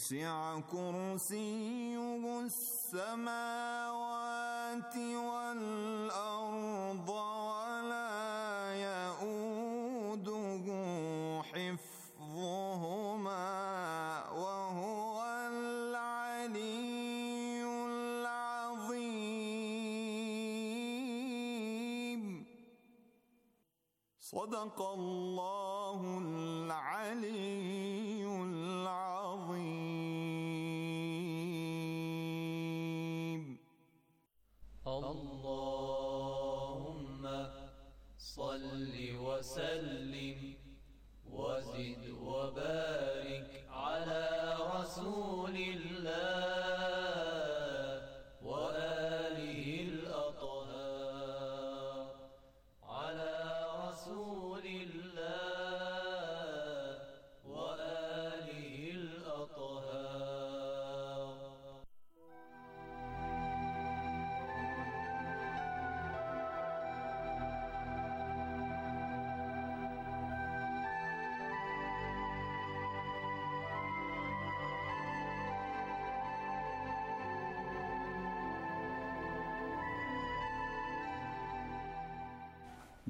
وسع كرسيه السماوات والأرض ولا يئوده حفظهما وهو العلي العظيم صدق الله وسلم وزد وبارك على رسول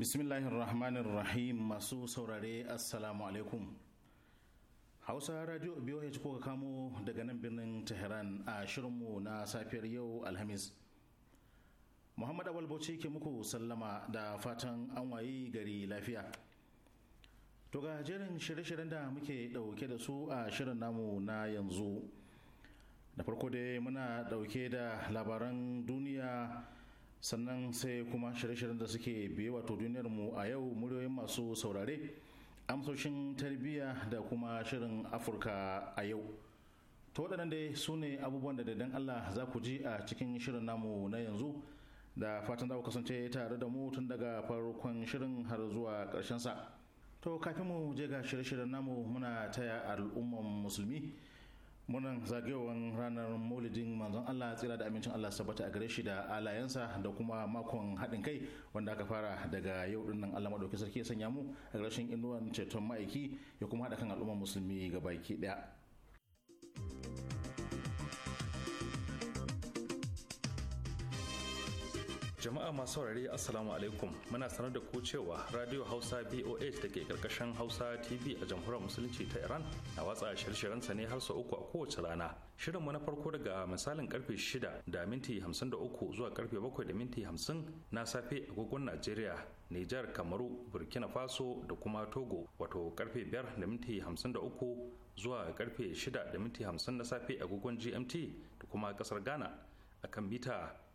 Bismillahirrahmanirrahim masu saurare assalamu alaikum. Hausa Radio BOH kuka kamo daga nan birnin Tehran a shirinmu na safiyar yau Alhamis. Muhammad Awal Bauchi ke muku sallama da fatan an wayi gari lafiya. To ga jerin shirye-shiryen da muke ɗauke da su a shirin namu na yanzu. Da farko dai muna ɗauke da labaran duniya. sannan sai kuma shirye-shiryen da suke biye wato duniyar mu a yau muryoyin masu saurare amsoshin tarbiyya da kuma shirin afirka a yau to waɗannan dai su ne abubuwan da dan allah za ku ji a cikin shirin namu na yanzu da fatan za ku kasance tare da mu tun daga farkon shirin har zuwa ƙarshensa to kafin mu je ga shirye-shiryen namu muna taya al'umman musulmi munan zagayowar ranar maulidin manzon Allah tsira da amincin Allah sabata a gare shi da alayensa da kuma makon haɗin kai wanda aka fara daga yau din nan Allah madauki sarki sanya mu a ƙarshen inuwan ceton ma'aiki ya kuma haɗa kan al'ummar musulmi baki ɗaya. jama'a masu saurare assalamu alaikum muna sanar da ku cewa radio hausa boh da ke karkashin hausa tv a jamhuriyar musulunci ta iran na watsa shirye sa ne har sau uku a kowace rana shirin mu na farko daga misalin karfe 6 da minti 53 zuwa karfe 7 da minti 50 na safe agogon najeriya nijar kamaru burkina faso da kuma togo wato karfe 5 da minti 53 zuwa karfe 6 da minti 50 na safe agogon gmt da kuma kasar ghana akan mita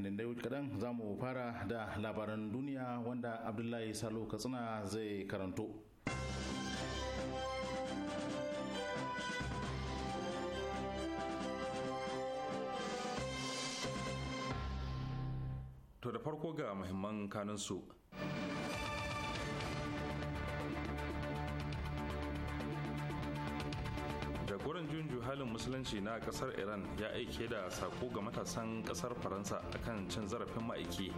nan dai kadan za mu fara da labaran duniya wanda abdullahi salo katsina zai karanto to da farko ga muhimman kanunsu jagoran junju halin musulunci na kasar iran ya aike da sako ga matasan kasar faransa akan cin zarafin ma'aiki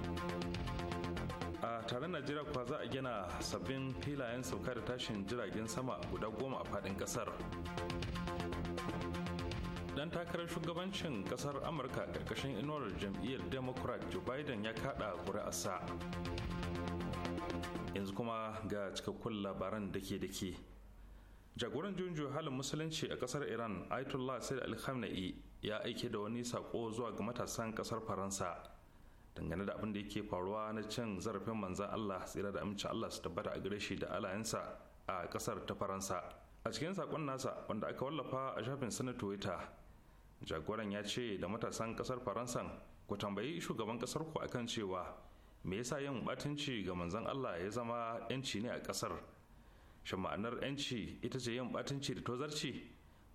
a taron najeriya kuwa za a gina sabbin filayen sauka da tashin jiragen sama guda goma a fadin kasar dan takarar shugabancin kasar amurka karkashin inuwar jam'iyyar democrat joe biden ya kada kuri'arsa yanzu kuma ga cikakkun labaran dake-dake jagoran junju halin musulunci a kasar iran ayatollah sai al khamenei ya aike da wani sako zuwa ga matasan kasar faransa dangane da abin da yake faruwa na cin zarafin manzan allah tsira da amince allah su tabbata a gare shi da alayensa a kasar ta faransa a cikin sakon nasa wanda aka wallafa a shafin sana twitter jagoran ya ce da matasan kasar faransan ku tambayi shugaban kasar ku akan cewa me yasa yin batunci ga manzan allah ya zama yanci ne a kasar shin ma'anar 'yanci ita ce yin batunci da tozarci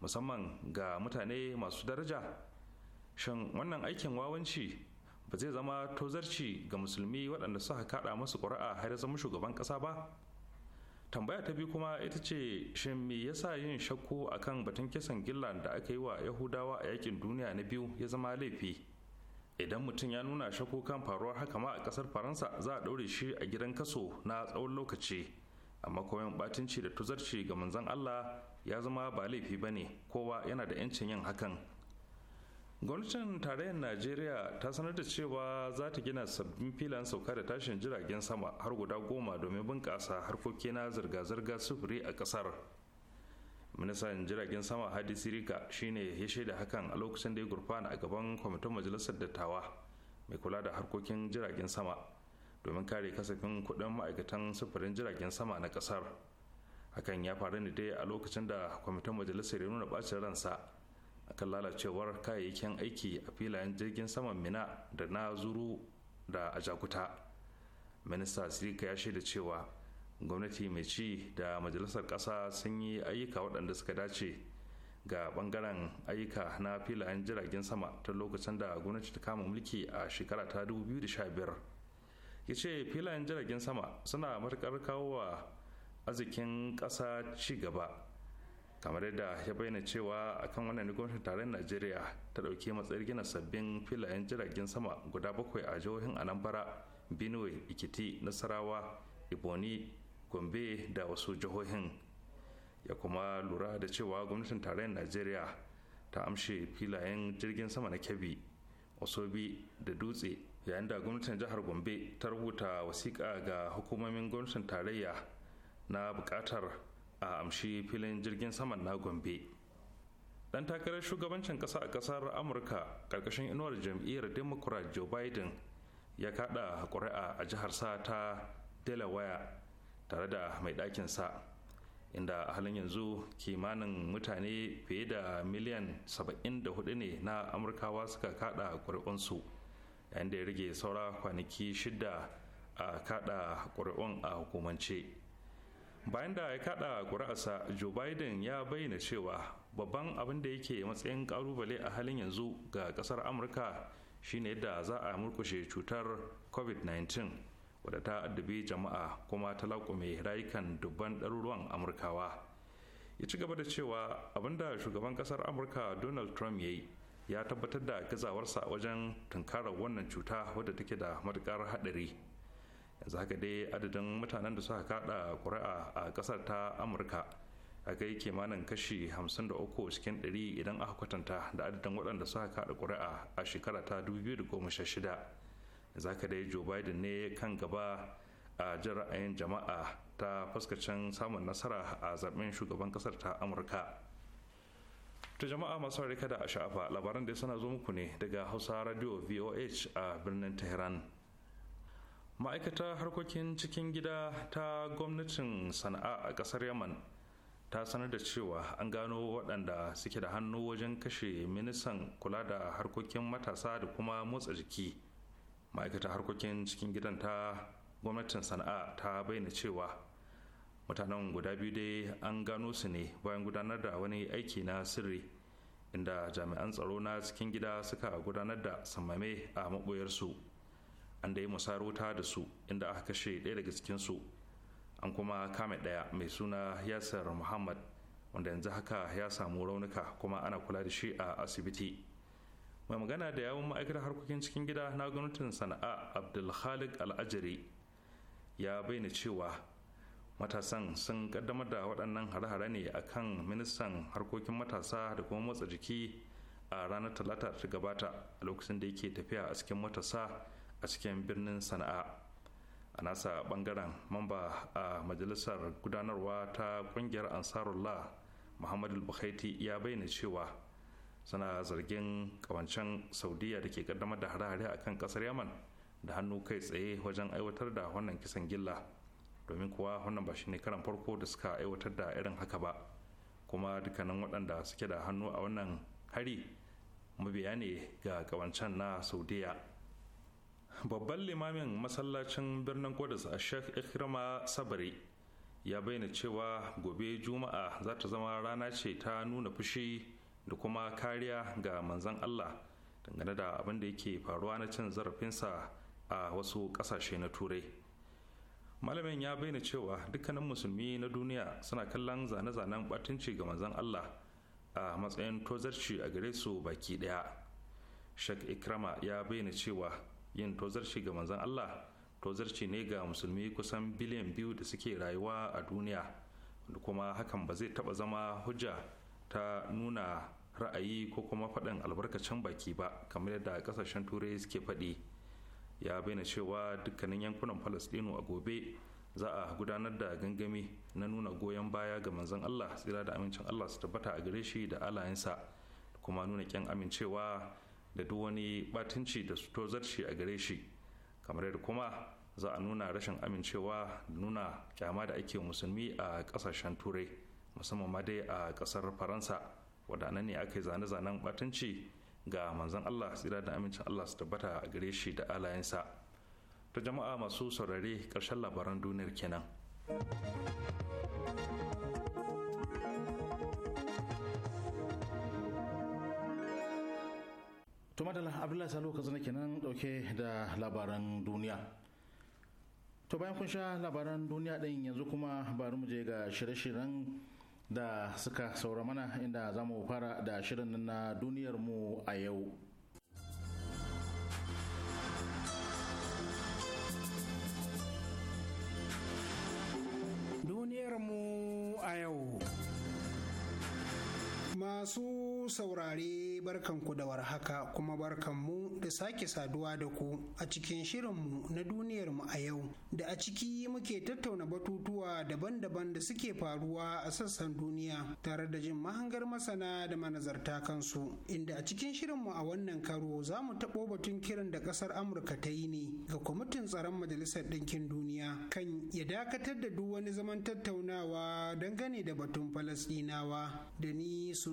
musamman ga mutane masu daraja shin wannan aikin wawanci ba zai zama tozarci ga musulmi waɗanda suka kaɗa masu ƙuri'a har zama shugaban ƙasa ba tambaya ta biyu kuma ita ce shin me yasa yin shakku akan batun kisan gillan da aka yi wa yahudawa a yakin duniya na biyu ya zama laifi idan mutum ya nuna shakku kan faruwar haka ma a ƙasar faransa za a ɗaure shi a gidan kaso na tsawon lokaci amma koyon batunci da tuzarci ga manzan Allah ya zama ba laifi ba ne kowa yana da 'yancin yin hakan gwamnatin tarayyar najeriya ta sanar da cewa za ta gina sabbin filan sauka da tashin jiragen sama har guda goma domin bunƙasa harkoki na zirga-zirga sufuri a ƙasar ministan jiragen sama hadi sirika shine ya shaida hakan a lokacin da ya gurfana a gaban kwamitin majalisar dattawa mai kula da harkokin jiragen sama domin kare kasafin kuɗin ma'aikatan sufurin jiragen sama na ƙasar hakan ya faru ne dai a lokacin da kwamitin majalisar ya nuna ɓacin ransa akan lalacewar kayayyakin aiki a filayen jirgin saman mina da na zuru da ajakuta minista sirika ya shaida cewa gwamnati mai ci da majalisar ƙasa sun yi ayyuka waɗanda suka dace ga bangaren ayyuka na filayen jiragen sama ta lokacin da gwamnati ta kama mulki a shekara ta 2015 ya ce filayen jiragen sama suna matuƙar kawo wa arzikin ƙasa ci gaba kamar yadda ya bayyana cewa akan wannan ne gwamnatin tarayyar najeriya ta ɗauki matsayar gina sabbin filayen jiragen sama guda bakwai a jihohin anambra benue ikiti nasarawa iboni gombe da wasu jihohin ya kuma lura da cewa gwamnatin tarayyar najeriya ta amshe filayen jirgin sama na kebbi osobi da dutse yayin da gwamnatin jihar gombe ta rubuta wasiƙa ga hukumomin gwamnatin tarayya na buƙatar a amshi filin jirgin saman na gombe dan takarar shugabancin ƙasa a ƙasar amurka ƙarƙashin inuwar jam'iyyar democrat joe biden ya kaɗa ƙuri'a a jihar sa ta delaware tare da mai ɗakin sa inda a halin yanzu kimanin mutane fiye da miliyan 74 ne na amurkawa suka kaɗa ƙuri'unsu yayin da ya rage saura kwanaki shida a kada ƙuri'un a hukumance bayan da ya kada ƙuri'arsa joe biden ya bayyana cewa babban abin da yake matsayin ƙalubale a halin yanzu ga ƙasar amurka shine yadda za a murkushe cutar covid-19 wadda ta addabi jama'a kuma ta laƙume rayukan dubban ɗaruruwan amurkawa ya ci gaba da cewa abinda shugaban ƙasar amurka donald trump ya yi ya tabbatar da gazawarsa wajen tunkarar wannan cuta wadda take da matukar hadari yanzu haka dai adadin mutanen da suka kada kuri'a a kasar ta amurka a kai kimanin kashi 53 cikin 100 idan aka kwatanta da adadin waɗanda suka kada kuri'a a shekara ta 2016 yanzu dai joe biden ne kan gaba a jin ra'ayin jama'a ta fuskacin samun nasara a zaben shugaban kasar ta amurka to jama'a masu harika da sha'afa labaran da suna zo muku ne daga hausa radio voh a birnin tehran Ma'aikata harkokin cikin gida ta gwamnatin sana'a a ƙasar yaman ta sanar da cewa an gano waɗanda suke da hannu wajen kashe ministan kula da harkokin matasa da kuma motsa jiki Ma'aikata harkokin cikin gidan ta gwamnatin sana'a ta bayyana cewa mutanen guda biyu dai an gano su ne bayan gudanar da wani aiki na sirri inda jami'an tsaro na cikin gida suka gudanar da samame a maɓoyarsu an da yi musarauta da su inda aka kashe ɗaya daga cikinsu an kuma kame ɗaya mai suna yasir muhammad wanda yanzu haka ya samu raunuka kuma ana kula da shi a asibiti mai magana da yawon ma'aikatar harkokin cikin gida na gwamnatin sana'a abdulhalik al'ajari ya bayyana cewa matasan sun kaddamar da waɗannan hare-hare ne a kan ministan harkokin matasa da kuma motsa jiki a ranar talata ta gabata a lokacin da yake tafiya a cikin matasa a cikin birnin sana'a a nasa bangaren mamba a majalisar gudanarwa ta kungiyar ansarullah muhammadu bukhaiti ya bayyana cewa suna zargin kawancen saudiya da ke kaddamar da hare-hare a kan kasar yaman da hannu kai tsaye wajen aiwatar da wannan kisan gilla domin kuwa wannan ba shine karan farko da suka aiwatar da irin haka ba kuma dukkanin waɗanda suke da hannu a wannan hari mabiya ne ga ƙawancen na saudiya babban limamin masallacin birnin kudus a sheikh ikrama sabari ya bayyana cewa gobe juma'a za ta zama rana ce ta nuna fushi da kuma kariya ga manzan allah dangane da abin da yake faruwa na cin zarafinsa a wasu ƙasashe na turai malamin ya bayyana cewa dukkanin musulmi na duniya suna kallon zane-zanen batunci ga manzon allah a matsayin tozarci a gare su baki daya shak ikrama ya bayyana cewa yin tozarci ga manzon allah tozarci ne ga musulmi kusan biliyan biyu da suke rayuwa a duniya da kuma hakan ba zai taba zama hujja ta nuna ra'ayi ko kuma faɗin albarkacin baki ba kamar yadda ƙasashen turai suke faɗi ya bayyana cewa dukkanin yankunan falastinu a gobe za a gudanar da gangami na nuna goyon baya ga manzon allah tsira da amincin allah su tabbata a gare shi da alayensa kuma nuna kyan amincewa da duk wani batunci da su tozarci a gare shi kamar yadda kuma za a nuna rashin amincewa da nuna kyama da ake musulmi a kasashen turai musamman ma dai a kasar faransa wadannan ne aka yi zane-zanen batunci ga manzon Allah tsira da amincin Allah su tabbata a gare shi da alayensa ta jama'a masu saurare ƙarshen labaran duniyar kenan to da abdullahi salo ka zana kenan dauke da labaran duniya to bayan kun sha labaran duniya ɗin yanzu kuma bari mu je ga shirye-shiryen da suka saura mana inda za mu fara da shirin na duniyar mu a yau. duniyar mu. Masu saurare ku da warhaka kuma barkanmu da sake saduwa da ku a cikin shirinmu na duniyarmu a yau da a ciki muke tattauna batutuwa daban-daban da suke faruwa a sassan duniya tare da jin mahangar masana da manazarta kansu inda a cikin shirinmu a wannan karo za mu taɓo batun kiran da ƙasar Amurka ta yi ne ga kwamitin tsaron Majalisar Ɗinkin Duniya kan ya dakatar da duk wani zaman tattaunawa dangane da batun Falasɗinawa da ni su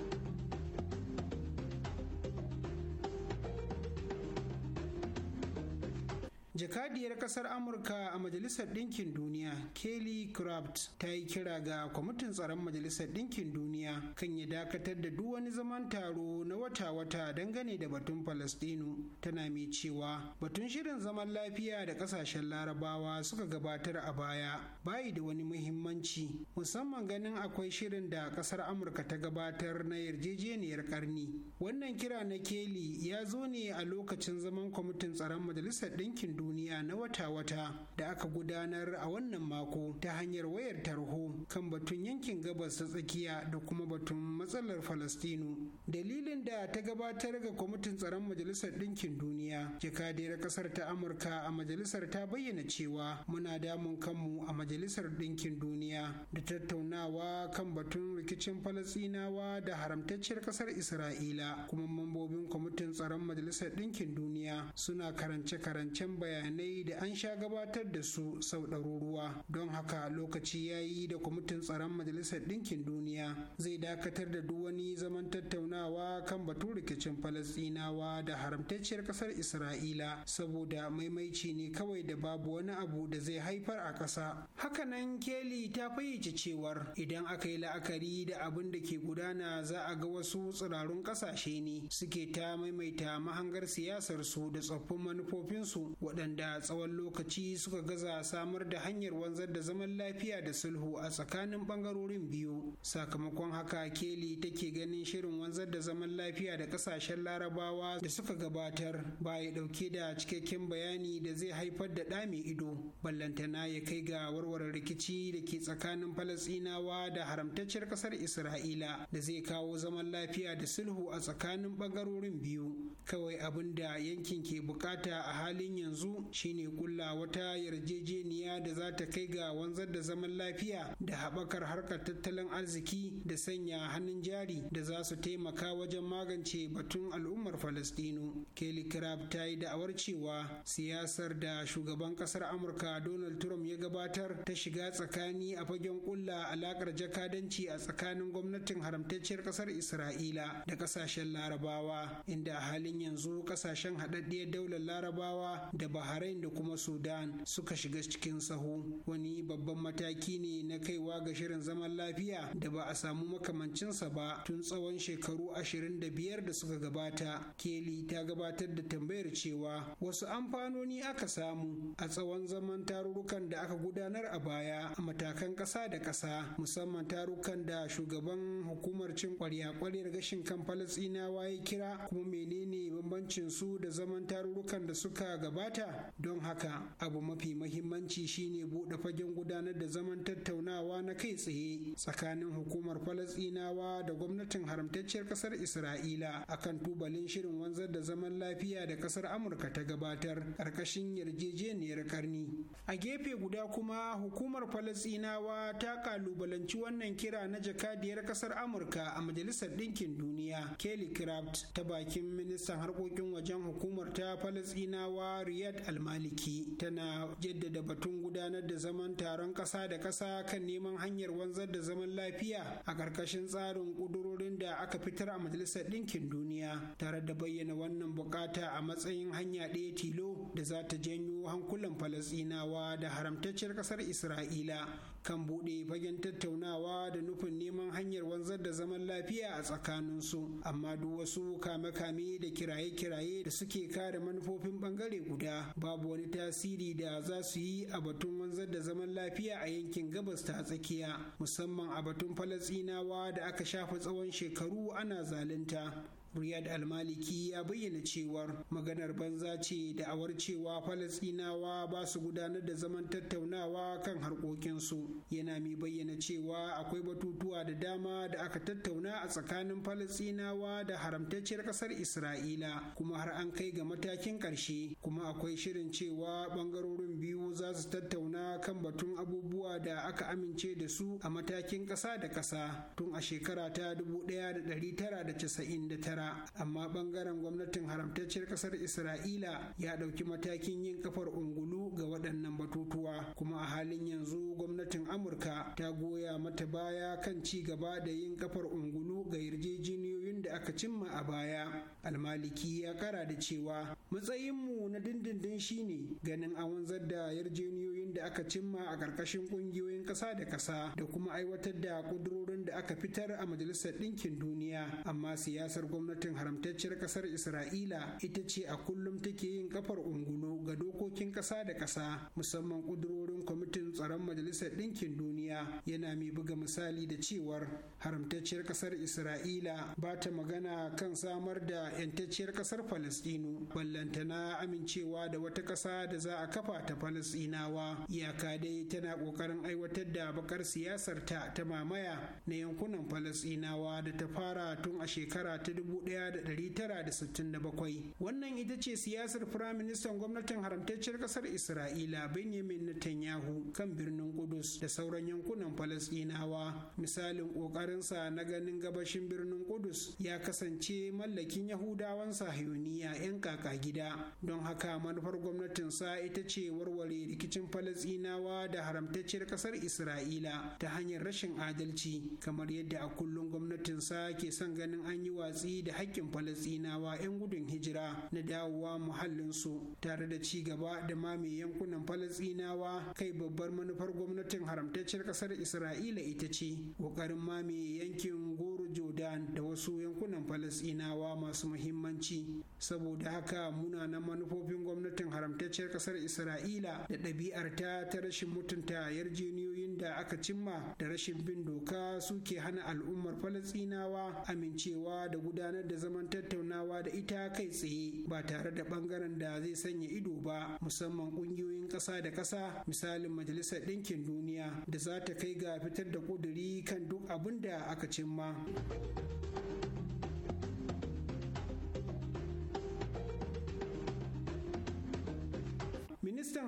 jakadiyar kasar amurka a majalisar ɗinkin duniya kelly craft ta yi kira ga kwamitin tsaron majalisar ɗinkin duniya kan ya dakatar da duk wani zaman taro na wata-wata dangane da batun palestinu tana mai cewa batun shirin zaman lafiya da ƙasashen larabawa suka gabatar a baya bayi da wani muhimmanci musamman ganin akwai shirin da kasar amurka ta gabatar na yarjejeniyar karni wannan kira na keli ya zo ne a lokacin zaman kwamitin tsaron majalisar ɗinkin duniya duniya na wata-wata da aka gudanar a wannan mako ta hanyar wayar tarho kan batun yankin gabas ta tsakiya da kuma batun matsalar falastinu dalilin da ta gabatar ga kwamitin tsaron majalisar ɗinkin duniya jakadiyar ƙasar ta amurka a majalisar ta bayyana cewa muna damun kanmu a majalisar ɗinkin duniya da tattaunawa kan batun rikicin falastinawa da haramtacciyar ƙasar isra'ila kuma mambobin kwamitin tsaron majalisar ɗinkin duniya suna karance-karancen bayanai bayanai da an sha gabatar da su sau ɗaruruwa don haka lokaci ya yi da kwamitin tsaron majalisar ɗinkin duniya zai dakatar da duk wani zaman tattaunawa kan batun rikicin falasɗinawa da haramtacciyar ƙasar isra'ila saboda maimaici ne kawai da babu wani abu da zai haifar a ƙasa hakanan keli ta fayyace cewar idan aka yi la'akari da abin da ke gudana za a ga wasu tsirarun ƙasashe ne suke ta maimaita mahangar siyasar su da tsoffin manufofinsu waɗanda waɗanda tsawon lokaci suka gaza samar da hanyar wanzar da zaman lafiya da sulhu a tsakanin ɓangarorin biyu sakamakon haka keli take ganin shirin wanzar da zaman lafiya da ƙasashen larabawa da suka gabatar ba ya ɗauke da cikakken bayani da zai haifar da ɗa ido ballantana ya kai ga warware rikici da ke tsakanin Falasinawa da haramtacciyar ƙasar isra'ila da zai kawo zaman lafiya da sulhu a tsakanin bangarorin biyu kawai abin da yankin ke bukata a halin yanzu shine kulla wata yarjejeniya da za ta kai ga wanzar da zaman lafiya da haɓakar harkar tattalin arziki da sanya hannun jari da za su taimaka wajen magance batun al'ummar falastinu kelly Craft ta yi da'awar cewa siyasar da shugaban ƙasar amurka donald trump ya gabatar ta shiga tsakani a fagen kulla alakar jakadanci a tsakanin gwamnatin haramtacciyar ƙasar isra'ila da ƙasashen larabawa inda halin yanzu ƙasashen haɗaɗɗiyar daular larabawa da bahrain bahrain da kuma sudan suka shiga cikin sahu wani babban mataki ne na kaiwa ga shirin zaman lafiya da ba a samu makamancinsa ba tun tsawon shekaru ashirin da biyar da suka gabata keli ta gabatar da tambayar cewa wasu amfanoni aka samu a tsawon zaman tarurrukan da aka gudanar a baya a matakan ƙasa da ƙasa musamman tarukan da shugaban hukumar cin kwarya kwaryar gashin kan falasinawa ya kira kuma menene bambancin su da zaman tarurrukan da suka gabata don haka abu mafi mahimmanci shine buɗe fagen gudanar da zaman tattaunawa na kai tsaye tsakanin hukumar Falasinawa da gwamnatin haramtacciyar ƙasar isra'ila akan tubalin shirin wanzar da zaman lafiya da ƙasar amurka ta gabatar ƙarƙashin yarjejeniyar karni. a gefe guda kuma hukumar Falasinawa ta ƙalubalanci wannan kira na jakadiyar ƙasar amurka a majalisar ɗinkin duniya kelly craft ta bakin ministan harkokin wajen hukumar ta falasɗinawa riyad almaliki tana jaddada batun gudanar da zaman taron ƙasa da ƙasa kan neman hanyar wanzar da zaman lafiya a ƙarƙashin tsarin ƙudurorin da aka fitar a majalisar ɗinkin duniya tare da bayyana wannan buƙata a matsayin hanya ɗaya tilo da za ta janyo hankulan falasɗinawa da haramtacciyar ƙasar isra'ila kan buɗe fagen tattaunawa da nufin neman hanyar wanzar da zaman lafiya a tsakaninsu amma duk wasu kame-kame da kiraye-kiraye da suke kare manufofin bangare guda babu wani tasiri da za su yi a batun wanzar da zaman lafiya a yankin gabas ta tsakiya musamman a batun falasinawa da aka shafa tsawon shekaru ana zalunta Riyad maliki ya bayyana cewar maganar banza ce da'awar cewa Falasɗinawa ba su gudanar da zaman tattaunawa kan harkokinsu. Yana mai bayyana cewa akwai batutuwa da dama da aka tattauna a tsakanin Falasɗinawa da haramtacciyar ƙasar Isra'ila kuma har an kai ga matakin ƙarshe kuma akwai shirin cewa ɓangarorin biyu za su tattauna kan batun abubuwa da aka amince da su a matakin ƙasa da ƙasa tun a shekara ta 1999. amma bangaren gwamnatin haramtacciyar kasar isra'ila ya ɗauki matakin yin kafar ungulu ga waɗannan batutuwa kuma a halin yanzu gwamnatin amurka ta goya mata baya kan ci gaba da yin kafar ungulu ga yarjejeniyoyin da aka cimma a baya almaliki ya kara da cewa matsayinmu na dindindin shine ganin an wanzar da yarjejeniyoyin da aka cimma a ƙarƙashin ƙungiyoyin ƙasa da ƙasa da kuma aiwatar da ƙudurorin da aka fitar a majalisar ɗinkin duniya amma siyasar gwamnati gwamnatin haramtacciyar kasar isra'ila ita ce a kullum take yin kafar ungulu ga dokokin kasa da kasa musamman kudurorin kwamitin tsaron majalisar ɗinkin duniya yana mai buga misali da cewar haramtacciyar kasar isra'ila ba ta magana kan samar da yantacciyar kasar falastinu ballantana amincewa da wata kasa da za a kafa ta falasɗinawa iyaka dai tana ƙoƙarin aiwatar da bakar siyasar ta ta mamaya na yankunan falasɗinawa da ta fara tun a shekara ta dubu 1967 wannan ita ce siyasar firaministan gwamnatin haramtacciyar kasar isra'ila benjamin netanyahu kan birnin kudus da sauran yankunan falasdinawa misalin kokarinsa na ganin gabashin birnin kudus ya kasance mallakin yahudawan sahiyoniya 'yan kaka gida don haka manufar gwamnatinsa ita ce warware rikicin falasdinawa da haramtacciyar kasar isra'ila ta hanyar rashin adalci kamar yadda a kullum gwamnatinsa ke son ganin an yi watsi da da haƙƙin falasɗinawa 'yan gudun hijira na dawowa muhallinsu tare da ci gaba da mame yankunan falasɗinawa kai babbar manufar gwamnatin haramtacciyar ƙasar isra'ila ita ce ƙoƙarin mame yankin goro jordan da wasu yankunan falasinawa masu muhimmanci saboda haka munanan manufofin gwamnatin haramtacciyar kasar isra'ila da ɗabi'arta ta rashin mutunta yarjeniyoyin da aka cimma da rashin bin doka suke hana al'ummar falasinawa amincewa da gudanar da zaman tattaunawa da ita kai tsaye ba tare da bangaren da zai sanya ido ba musamman ƙungiyoyin ƙasa da ƙasa misalin majalisar ɗinkin duniya da za ta kai ga fitar da ƙuduri kan duk abin da aka cimma. うん。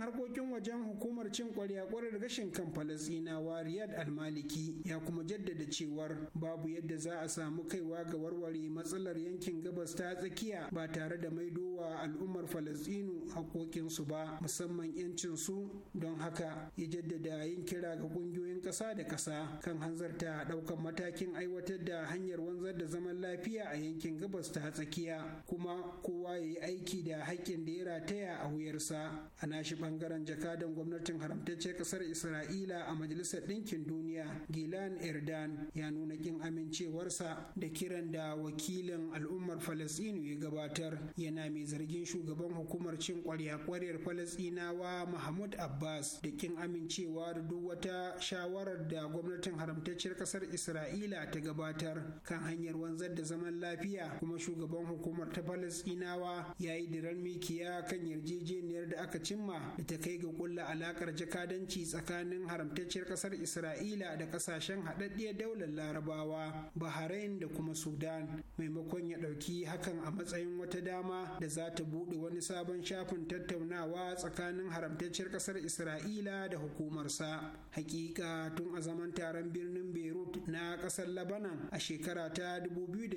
harkokin wajen hukumar cin kwarya-kwarar gashin kan falasinawa riyad almaliki ya kuma jaddada cewar babu yadda za a samu kaiwa ga warware matsalar yankin gabas ta tsakiya ba tare da maidowa al'ummar falasinu haƙoƙinsu ba musamman 'yancin su don haka ya jaddada yin kira ga ƙungiyoyin ƙasa da ƙasa kan hanzarta ɗaukar matakin aiwatar da hanyar wanzar da zaman lafiya a yankin gabas ta tsakiya kuma kowa ya yi aiki da haƙƙin da ya rataya a wuyarsa a nashi bangaren jakadan gwamnatin haramtacce ƙasar isra'ila a majalisar ɗinkin duniya gilan erdan ya nuna kin amincewarsa da kiran da wakilin al'ummar falasɗinu ya gabatar yana mai zargin shugaban hukumar cin kwarya-kwaryar falasɗinawa mahmud abbas da kin amincewa da duk wata shawarar da gwamnatin haramtacciyar ƙasar isra'ila ta gabatar kan hanyar wanzar da zaman lafiya kuma shugaban hukumar ta falasɗinawa ya yi diran mikiya kan yarjejeniyar da aka cimma da ta kai ga kulla alakar jakadanci tsakanin haramtacciyar kasar isra'ila da kasashen haɗaɗɗiyar daular larabawa bahrain da kuma sudan maimakon ya ɗauki hakan a matsayin wata dama da za ta buɗe wani sabon shafin tattaunawa tsakanin haramtacciyar kasar isra'ila da hukumarsa hakika tun a zaman taron birnin beirut na kasar labanan a shekara ta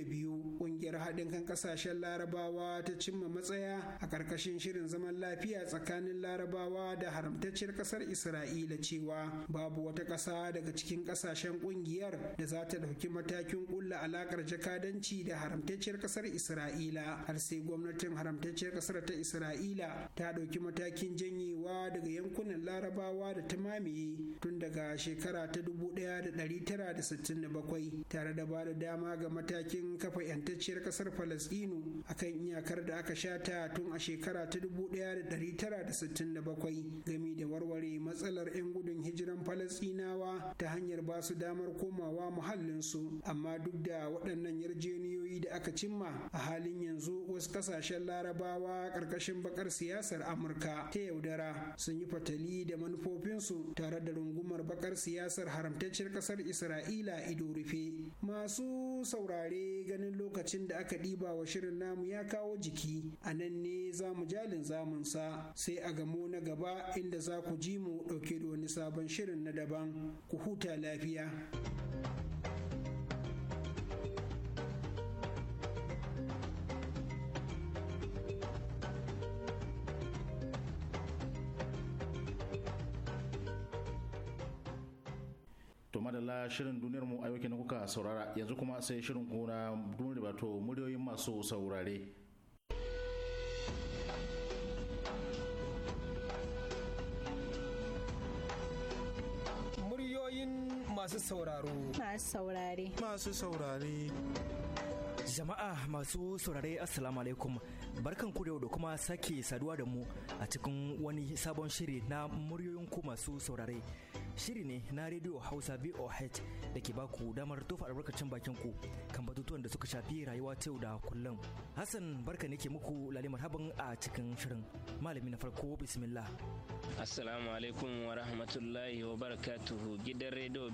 biyu, ƙungiyar haɗin kan kasashen larabawa ta cimma matsaya a ƙarƙashin shirin zaman lafiya tsakanin larabawa larabawa da haramtacciyar kasar isra'ila cewa babu wata ƙasa daga cikin ƙasashen ƙungiyar da za ta ɗauki matakin ƙulla alaƙar jakadanci da haramtacciyar kasar isra'ila har sai gwamnatin haramtacciyar kasar ta isra'ila ta ɗauki matakin janyewa daga yankunan larabawa da ta mamaye tun daga shekara ta 1967 tare da ba da dama ga matakin kafa 'yantacciyar kasar falasɗinu akan iyakar da aka shata tun a shekara ta 1967 bakwai game da warware matsalar 'yan gudun hijiran falasinawa ta hanyar ba su damar komawa muhallinsu amma duk da waɗannan yarjeniyoyi da aka cimma a halin yanzu wasu ƙasashen larabawa ƙarƙashin bakar siyasar amurka ta yaudara sun yi fatali da manufofinsu tare da rungumar bakar siyasar haramtaccen ƙasar isra'ila ido rufe masu saurare ganin lokacin da aka ɗiba wa shirin namu ya kawo jiki a nan ne za mu jalin zamunsa sai a gamo na gaba inda za ku ji mu ɗauke da wani sabon shirin na daban ku huta lafiya. to madalla shirin duniyar mu a yau kuka saurara yanzu kuma sai shirin kuna duniyar bato muryoyin masu saurare masu sauraro. Masu saurare. Masu saurare. Jama'a masu saurare Assalamu alaikum barkan ku da kuma sake saduwa da mu a cikin wani sabon shiri na muryoyin masu saurare. shiri ne na rediyo hausa voh da ke baku damar tofa albarkacin bakin ku kan batutuwan da suka shafi rayuwa ta yau da kullum hassan barka ne ke muku lalimar haban a cikin shirin malami na farko bismillah assalamu alaikum wa rahmatullahi wa barakatuhu gidan rediyo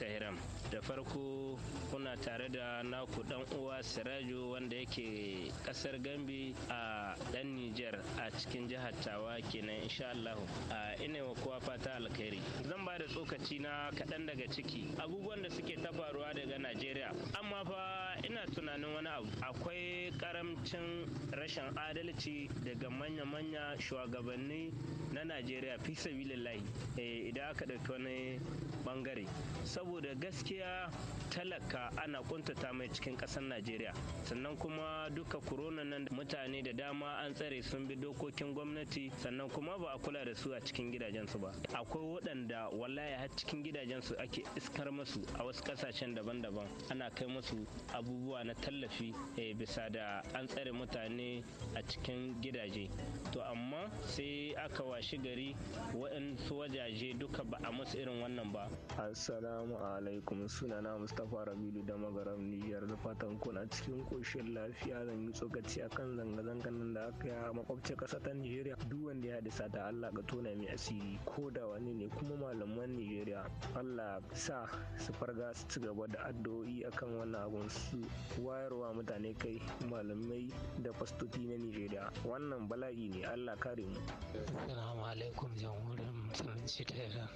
ta hiram da farko kuna tare da naku dan uwa Siraju wanda yake kasar gambi a dan Nijar a cikin jihar tawa kenan insha allahu a ina wa kowa fata alkai alheri zan ba da tsokaci na kaɗan daga ciki abubuwan da suke ta faruwa daga najeriya amma fa ina tunanin wani abu akwai karamcin rashin adalci daga manya-manya shugabanni na najeriya fi sabilillahi eh, idan aka ɗauki wani bangare saboda gaskiya talaka ana kuntata mai cikin ƙasar najeriya sannan kuma duka korona nan mutane da dama an tsare sun bi dokokin gwamnati sannan kuma ba a kula da su a cikin gidajensu ba akwai waɗanda wallahi har cikin gidajen su ake iskar masu a wasu kasashen daban-daban ana kai musu abubuwa na tallafi eh, bisa da an tsare mutane a cikin gidaje to amma sai aka washi gari waɗansu wajaje duka ba a musu irin wannan ba assalamu alaikum Suna na mustapha rabilu da magaram niyyar da fatan kuna cikin koshin lafiya zan yi tsokaci akan zanga-zangan nan da aka yi a makwabcin ƙasa ta nigeria duk wanda ya haɗisa da allah ga tona mai asiri ko da wani ne kuma malaman Nijeriya Allah ya sa su farga su ci gaba da addu'o'i akan wannan abun su wayarwa mutane kai malamai da fastoci na Nijeriya wannan bala'i ne Allah kare mu. Assalamu alaikum jamhuriyar musulunci ta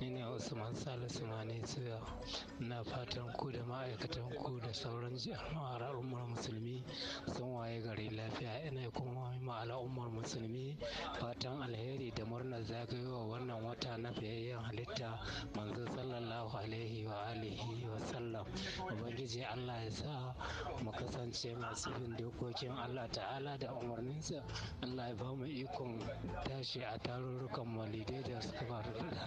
Ni ne Usman Salisu Mane Suya. na fatan ku da ma'aikatan ku da sauran jama'ar al'ummar musulmi sun waye gari lafiya ina kuma ma al'ummar musulmi fatan alheri da murnar zagayowa wannan wata na fiyayyen halitta manzo sallallahu alaihi wa alihi wa sallam. Ubangiji Allah ya sa mu kasance masu bin dokokin Allah ta'ala da umarninsa Allah ya ba mu ikon tashi a tarurrukan walidai da suka faru da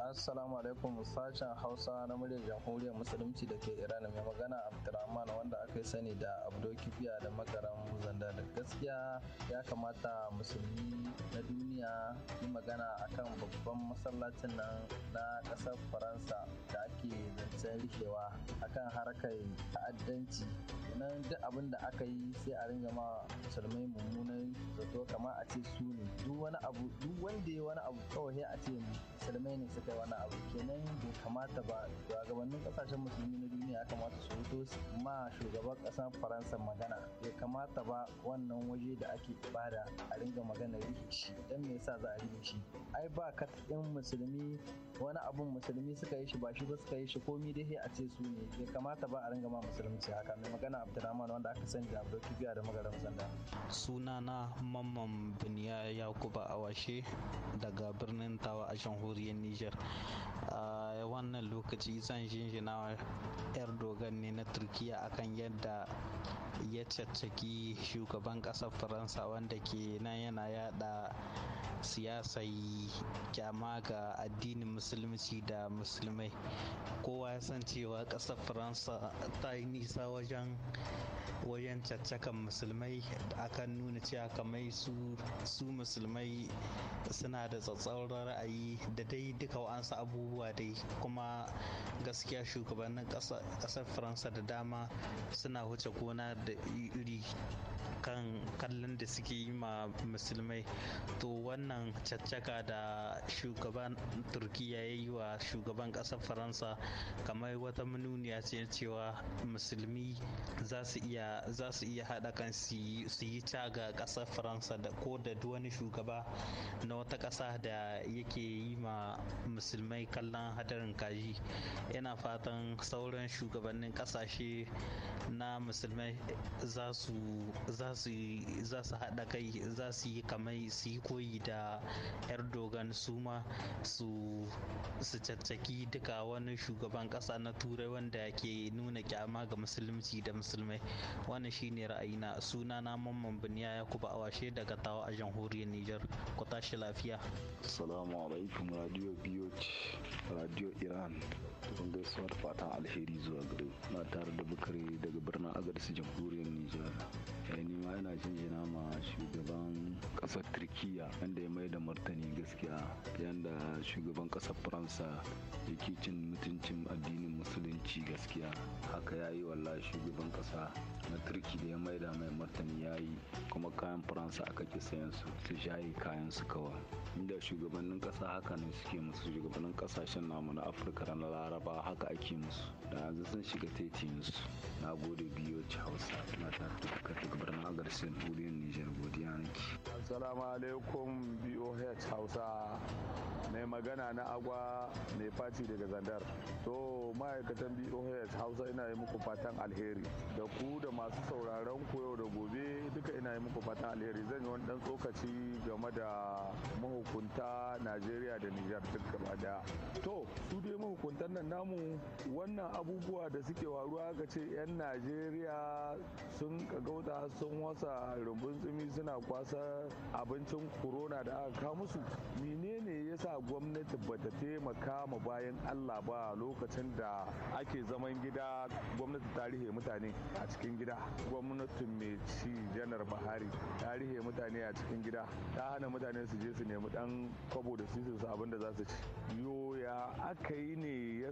Assalamu alaikum sashen Hausa na muryar Jamhuriyar Musulunci da ke Iran mai magana Abdulrahman wanda aka sani da Abdo Kibiya da makaran zanda da gaskiya ya kamata musulmi na duniya yi magana akan babban masallacin nan na ƙasar Faransa da ake zancen rikewa akan harkar ta'addanci nan duk abin da aka yi sai a ringa ma musulmai mummunan zato kamar a ce su ne duk wani abu duk wanda ya wani abu kawai a ce musulmai ne suka da wani abu kenan bai kamata ba shugabannin kasashen musulmi na duniya ya kamata su hoto ma shugaban kasar faransa magana bai kamata ba wannan waje da ake ibada a ringa magana rikici Dan me yasa za a rikici ai ba ka musulmi wani abun musulmi suka yi shi ba shi ba suka yi shi komi dai a ce su ne bai kamata ba a ringa ma musulunci haka mai magana abdurrahman wanda aka sani da abdul kibiya da magana sanda sunana mamman biniya yakuba awashe daga birnin tawa a jamhuriyar niger a wannan lokaci zan jinjina erdogan ne na turkiya akan yadda ya caccaki shugaban ƙasar faransa wanda ke nan yana yada siyasai kyama ga addinin musulunci da musulmai kowa ya san cewa ƙasar faransa ta yi nisa wajen wajen caccakan musulmai akan nuna cewa kamai su musulmai suna da tsatsauran ra'ayi da dai duka an sa abubuwa dai kuma gaskiya shugabannin kasar faransa da dama suna wuce gona da iri kan kallon da suke yi ma musulmai to wannan caccaka da shugaban turkiya ya yi wa shugaban kasar faransa kamar wata manuniya ce cewa musulmi za su iya haɗa kan su yi ca ga kasar faransa ko da wani shugaba na wata ƙasa da yake yi ma musulmai kallon hadarin kaji yana fatan sauran shugabannin kasashe na musulmai za su haɗa kai za su yi kamai su yi koyi da erdogan suma su caccaki duka wani shugaban ƙasa na turai wanda ke nuna kyama ga musulunci da musulmai wannan shine ra'ayina suna na mamman biniya ya kuba awashe daga tawa a jamhuriyar niger ku tashi lafiya assalamu alaikum radio biyu BOH Radio Iran don gaisuwa da fatan alheri zuwa gare na tare da bukari daga birnin Agadis jamhuriyar Nijar. Eh, nima yana jinjina ma shugaban kasar turkiya yadda ya mai da martani gaskiya yadda shugaban kasar faransa yake cin mutuncin addinin musulunci gaskiya haka ya yi walla shugaban kasa na turki da ya mai da mai martani ya yi kuma kayan faransa aka ki sayan su su shayi kayan su kawa inda shugabannin kasa haka ne suke musu shugabannin kasashen namu na afirka da na laraba haka ake musu da yanzu sun shiga taitin su na gode biyo ci hausa na ta birnin agar sai nijar godiya nake Salamu alaikum BOH Hausa mai magana na agwa mai faci daga Zandar. To ma'aikatan BOH Hausa ina yi muku fatan alheri da ku da masu sauraron ku yau da gobe duka ina yi muku fatan alheri zan yi wani dan tsokaci game da mahukunta Najeriya da Nijar duk gaba daya. To su dai mahukuntan nan namu wannan abubuwa da suke waruwa ga ce 'yan Najeriya sun kagauta sun wasa rumbun tsimi suna kwasa abincin corona da aka kawo musu menene sa gwamnati ba ta taimaka ma bayan allah ba lokacin da ake zaman gida gwamnati tarihe mutane a cikin gida gwamnatin mai ci janar bahari tarihe mutane a cikin gida ta hana mutane su je su nemi dan kwabo da su su abin da za su ci yoya aka yi ne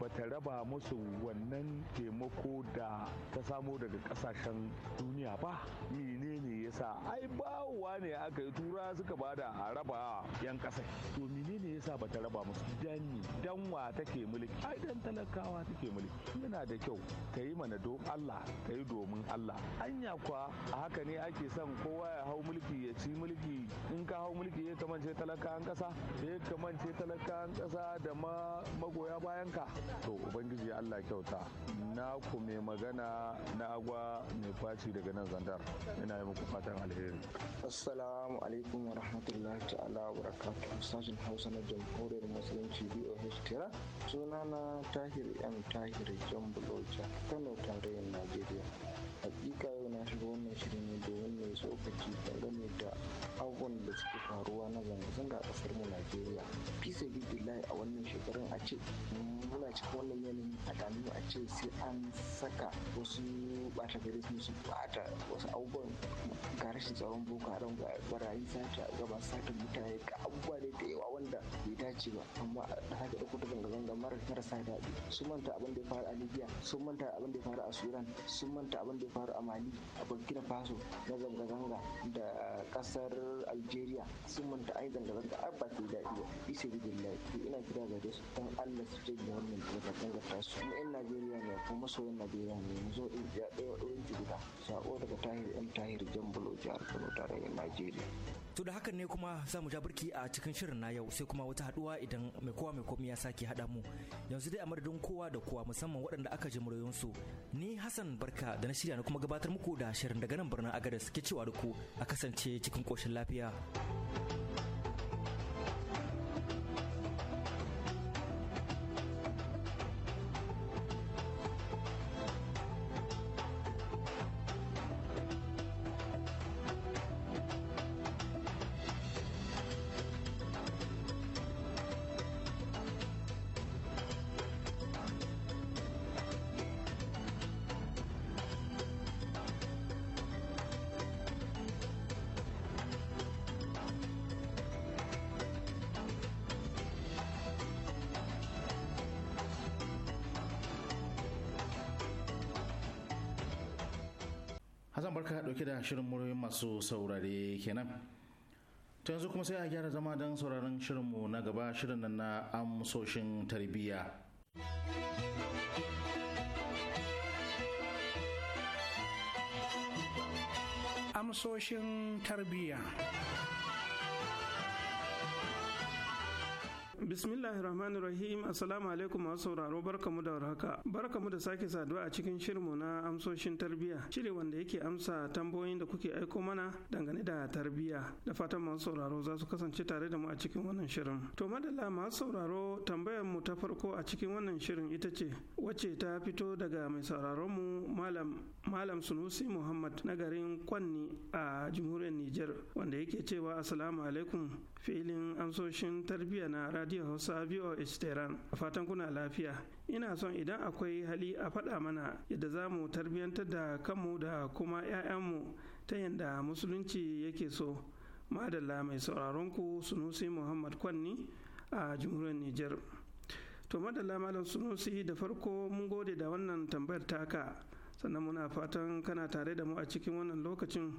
ba ta raba musu wannan taimako da ta samo daga kasashen duniya ba menene sa ai ba kowa ne aka yi tura suka bada a raba yan kasai to menene yasa bata raba musu dan danwa take mulki ai dan talakawa take mulki yana da kyau ka yi mana don Allah ka yi domin Allah anya kwa a haka ne ake son kowa ya hau mulki ya ci mulki in ka hau mulki ya kamance talakawan kasa ya kamance talakawan kasa da ma magoya bayan ka to ubangiji Allah kyauta na ku mai magana na agwa mai faci daga nan zandar ina yi muku fatan alheri Assalamu alaikum wa rahmatullahi ta'ala wa barakatuhu sashen Hausa na jamhuriyar musulunci BOH Tira sunana Tahir M Tahir Jambulo Kano tarayyar Najeriya. hakika yau na shiga wannan shirin ne domin mai tsokaci dangane da abubuwan da suke faruwa na zanga-zanga a kasar mu najeriya fisa bibillahi a wannan shekarun a ce muna cikin wannan yanayin a damu a ce sai an saka wasu bata gari sun su bata wasu abubuwan ga rashin tsaron boko haram ga barayi sata ga masu satar mutane ga abubuwa da yawa wanda bai dace ba amma da haka da kuta zanga-zanga marasa daɗi sun manta abin da ya faru a libya sun manta abin da ya faru a sudan sun manta abin da faru a mali a burkina faso na zanga-zanga da kasar algeria sun manta ai zanga-zanga a ba ta daɗi ba isa bidillahi ina kira ga su don allah su je da wannan zanga-zanga ta su kuma 'yan najeriya ne ko masoyan najeriya ne yanzu in ya ɗaya eh, ɗoyin guda sako daga tahir ɗan tahir bulo, jihar kano tarayyar najeriya To da hakan ne kuma za mu ja birki a cikin shirin na yau sai kuma wata haduwa idan mai kowa mai komi ya sake hada mu. Yanzu dai a madadin kowa da kowa musamman waɗanda aka ji muryoyinsu. Ni Hassan Barka da na shirya na kuma gabatar muku da shirin daga nan birnin agadas ke cewa da ku a kasance cikin koshin lafiya. masu saurare kenan ta yanzu kuma sai a gyara zama don sauraron shirinmu na gaba shirin nan na amsoshin tarbiyya amsoshin tarbiyya Bismillahirrahmanirrahim Rahim Assalamu alaikum masu sauraro barkamu da warhaka. Barkamu da sake saduwa a cikin shirmu na amsoshin tarbiyya. Shiri wanda yake amsa tambayoyin da kuke aiko mana dangane da tarbiyya. Da fatan masu sauraro za su kasance tare da mu a cikin wannan shirin. To madalla masu sauraro tambayar mu ta farko a cikin wannan shirin ita ce wacce ta fito daga mai sauraron mu Malam Malam Sunusi Muhammad na garin Kwanni a Jamhuriyar Nijar wanda yake cewa Assalamu alaikum filin amsoshin tarbiyya na radio hausa biyu tehran a fatan kuna lafiya ina son idan akwai hali a faɗa mana yadda za mu tarbiyyantar da kanmu da kuma 'ya'yanmu ta yadda musulunci yake so madalla mai sauraron ku sunusi muhammad kwanni a jamhuriyar niger to madalla malam sunusi da farko mun gode da wannan tambayar taka sannan muna fatan kana tare da mu a cikin wannan lokacin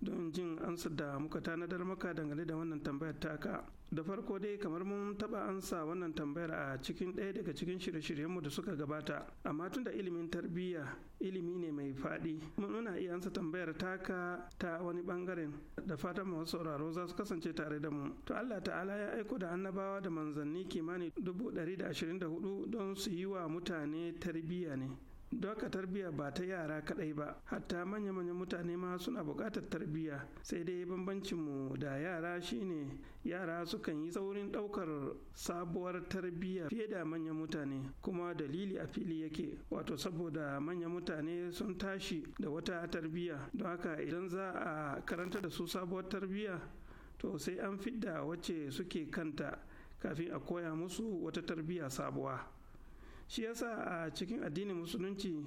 don jin ansa da muka tanadar maka dangane da wannan tambayar taka da farko dai kamar mun taba ansa wannan tambayar a cikin ɗaya daga cikin shirye-shiryenmu da suka gabata amma tun da ilimin tarbiyya ilimi ne mai faɗi muna iya ansa tambayar taka ta wani bangaren da fatan masu sauraro za su kasance tare da mu to Allah ta'ala ya aiko da annabawa da manzanni kimanin dubu ɗari da ashirin da hudu don su yi wa mutane tarbiyya ne Doka tarbiyya ba ta yara kadai ba hatta manya-manyan mutane ma suna bukatar tarbiyya sai dai bambancinmu da yara shine yara sukan yi saurin ɗaukar sabuwar tarbiyya fiye da manyan mutane kuma dalili a fili yake wato saboda manyan mutane sun tashi da wata tarbiyya don haka idan za a karanta da su sabuwar tarbiyya to sai an fidda wacce suke kanta kafin a koya musu wata tarbiyya sabuwa shi yasa a cikin addinin musulunci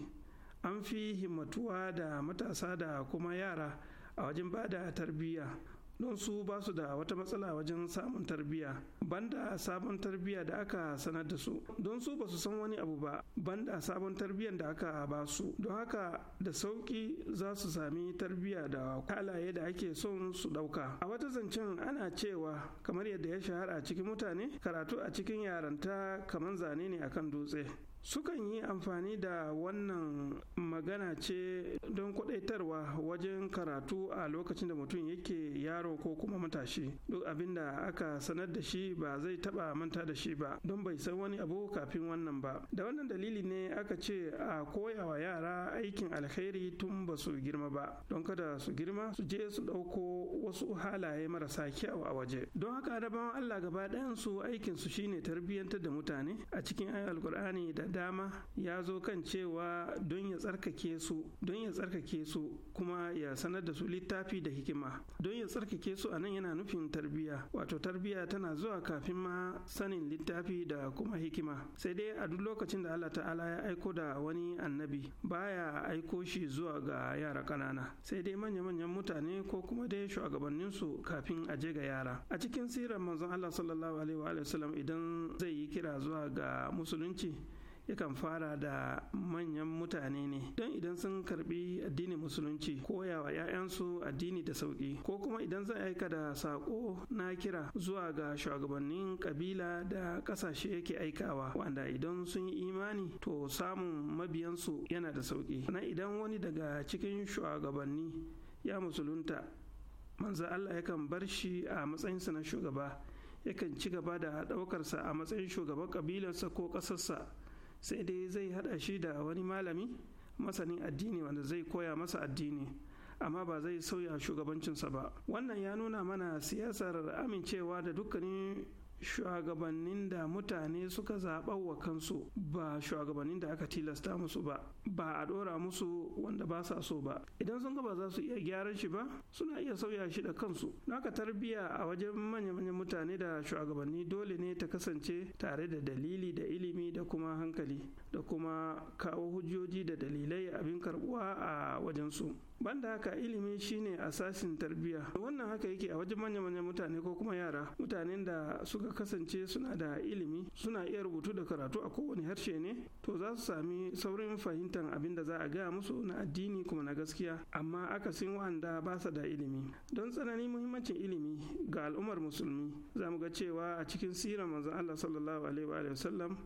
an fi himmatuwa da matasa da kuma yara a wajen ba da tarbiyya don su ba su da wata matsala wajen samun tarbiyya banda sabon tarbiyya da aka sanar da su don su ba su san wani abu ba banda sabon tarbiyyar da aka ba su don haka da sauki za su sami tarbiyya da halaye da ake son su dauka a wata zancen ana cewa kamar yadda ya shahara cikin mutane karatu a cikin yaranta kamar zane ne akan dutse sukan yi amfani da wannan magana ce don kudaitarwa wajen karatu a lokacin da mutum yake yaro ko kuma matashi duk abin da aka sanar da shi ba zai taba manta da shi ba don bai san wani abu kafin wannan ba da wannan dalili ne aka ce a koyawa yara aikin alkhairi tun ba su girma ba don kada su girma su je su ɗauko wasu halaye marasa kyau a waje don haka rabon allah gaba ɗayan su aikin su shine tarbiyyantar da mutane a cikin alkur'ani da dama ya zo kan cewa don ya tsarkake su don ya tsarkake su kuma ya sanar da su littafi da hikima don ya tsarkake su anan yana nufin tarbiya wato tarbiya tana zuwa kafin ma sanin littafi da kuma hikima sai dai a duk lokacin da Allah ta'ala ya aiko da wani annabi baya aiko shi zuwa ga yara kanana sai dai manya-manyan mutane ko kuma dai shugabannin su kafin a je ga yara a cikin sirar manzon Allah sallallahu alaihi wa sallam idan zai yi kira zuwa ga musulunci yakan fara da manyan mutane ne don idan sun karbi addinin musulunci koya wa 'ya'yansu addini da sauki ko kuma idan zan aika da sako na kira zuwa ga shugabannin kabila da kasashe yake aikawa wanda idan sun yi imani to samun mabiyansu yana da sauki na idan wani daga cikin shugabanni ya musulunta manza Allah yakan bar shi a matsayinsa na shugaba yakan ci gaba da ɗaukarsa a matsayin shugaban kabilarsa ko ƙasarsa sai dai zai haɗa shi da wani malami masanin addini wanda zai koya masa addini amma ba zai sauya shugabancinsa ba wannan ya nuna mana siyasar amincewa da dukkanin shugabannin da mutane suka zaɓa wa kansu ba shugabannin da aka tilasta musu ba ba a ɗora musu wanda ba sa so ba idan sun ga ba za su iya gyaran shi ba suna iya sauya shi da kansu naka tarbiyya a wajen manya-manyan mutane da shugabanni dole ne ta kasance tare da dalili da ilimi da kuma hankali da kuma kawo hujjoji da dalilai abin karɓuwa a wajensu banda haka ilimi shine asasin tarbiyya wannan haka yake a wajen manya manyan mutane ko kuma yara mutanen da suka kasance suna da ilimi suna iya rubutu da karatu a kowane harshe ne to za su sami saurin fahimtar abin da za a gaya musu na addini kuma na gaskiya amma akasin wanda ba su da ilimi don tsananin muhimmancin ilimi ga al'ummar musulmi za mu ga cewa a cikin sirar manzon Allah sallallahu alaihi wa sallam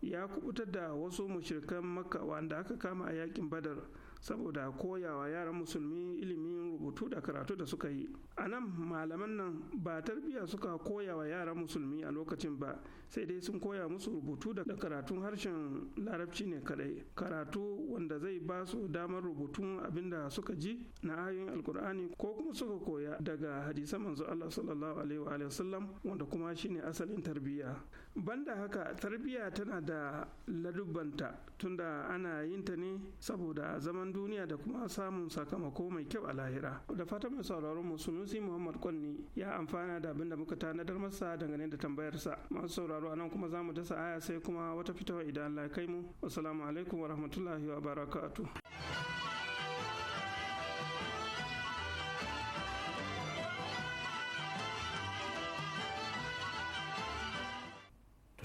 ya kubutar da wasu mushrikan makka wanda aka kama a yakin badar saboda koyawa yaran musulmi ilimin rubutu da karatu da suka yi a nan malaman nan ba tarbiyya suka koyawa yaran musulmi a lokacin ba sai dai sun koya musu rubutu da karatun harshen larabci ne kadai karatu wanda zai ba su damar rubutun abinda suka ji na ayoyin alkur'ani ko kuma suka koya daga hadisan manzo Allah sallallahu alaihi wa sallam wanda kuma shine asalin tarbiyya banda haka tarbiyya tana da ladubanta tunda ana yin ta ne saboda zaman duniya da kuma samun sakamako mai kyau a lahira da fatan mai sauraron musulunci muhammad kwanni ya amfana da abinda muka tanadar masa dangane da tambayarsa masu sauraro anan kuma za mu dasa aya sai kuma wata fitowa idan Allah kai mu. Assalamu alaikum wa rahmatullahi wa barakatuh.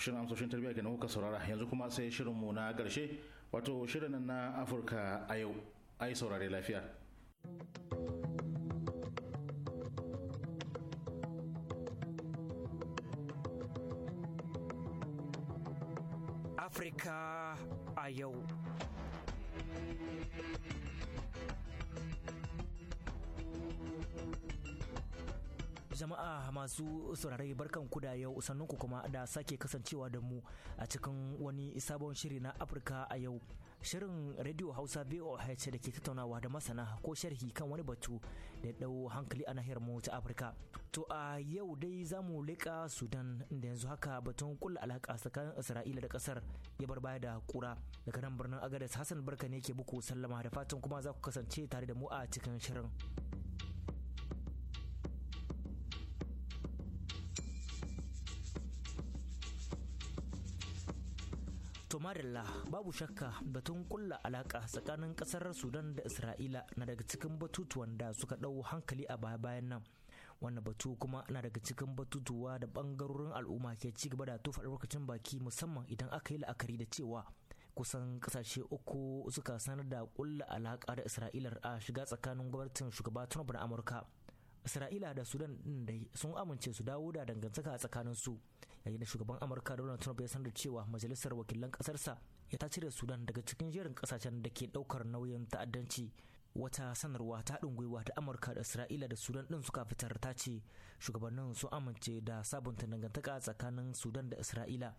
shirin amsoshin tarbiyya ga kuka saurara yanzu kuma sai shirinmu na karshe wato shirin na afirka a yau ai saurare lafiya. Afrika a yau. Jama'a masu saurari barkan ku da yau sannunku kuma da sake kasancewa da mu a cikin wani sabon shiri na Afirka a yau. shirin radio hausa voh da ke tattaunawa da masana ko sharhi kan wani batu da ya ɗau hankali a nahiyar mu ta afirka to a yau dai za mu leƙa sudan da yanzu haka batun kulla alaƙa tsakanin isra'ila da ƙasar ya bar baya da kura daga nan birnin agadas hassan barka ne ke buku sallama da fatan kuma za ku kasance tare da mu a cikin shirin. madalla babu shakka batun kulla alaka tsakanin kasar sudan da isra'ila na daga cikin batutuwan da suka ɗau hankali a baya bayan nan wannan batu kuma na daga cikin batutuwa da ɓangarorin al'umma ke ci gaba da tofa lokacin baki musamman idan aka yi la'akari da cewa kusan kasashe uku suka sanar da kulla alaka da isra'ilar a shiga tsakanin gwamnatin shugaba trump na amurka isra'ila da sudan dai sun amince su dawo da dangantaka a tsakanin su yayin da shugaban amurka donald trump ya sanar cewa majalisar wakilan kasarsa ya ta cire sudan daga cikin jerin kasashen da ke daukar nauyin ta'addanci wata sanarwa ta haɗin gwiwa da amurka da isra'ila da sudan din suka fitar ta ce shugabannin sun amince da sabunta dangantaka tsakanin sudan da isra'ila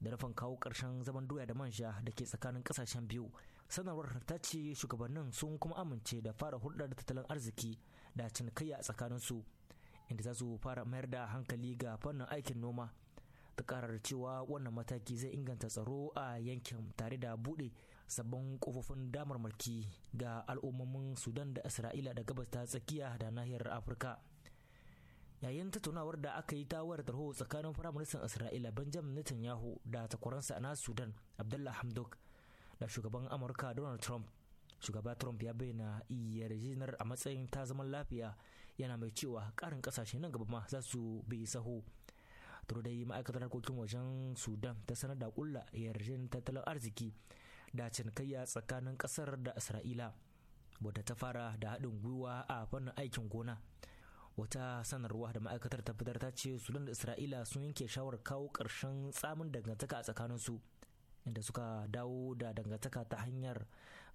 da rufin kawo karshen zaman doya da manja da ke tsakanin kasashen biyu sanarwar ta ce shugabannin sun kuma amince da fara hulɗar tattalin arziki da cinikayya a tsakaninsu inda za su fara mayar da hankali ga fannin aikin noma ta karar cewa wannan mataki zai inganta tsaro a yankin tare da buɗe sabbin kofofin damar mulki ga al'ummomin sudan da isra'ila da gabas ta tsakiya da nahiyar afirka yayin tattaunawar da aka yi tawar tarho tsakanin firaministan isra'ila benjamin netanyahu da takwaransa na sudan abdullah hamdok da shugaban amurka donald trump shugaba trump ya bayyana yarjejeniyar a matsayin ta zaman lafiya yana mai cewa karin kasashe nan gaba ma za su bi saho dai ma'aikatar harkokin wajen sudan ta sanar da kulla yarjejeniyar tattalin arziki da cinikayya tsakanin kasar da isra'ila wadda ta fara da haɗin gwiwa a fannin aikin gona wata sanarwa da ma'aikatar ta fitar ta ce sudan da isra'ila sun yanke shawar kawo ƙarshen tsamin dangantaka a tsakanin su inda suka dawo da dangantaka ta hanyar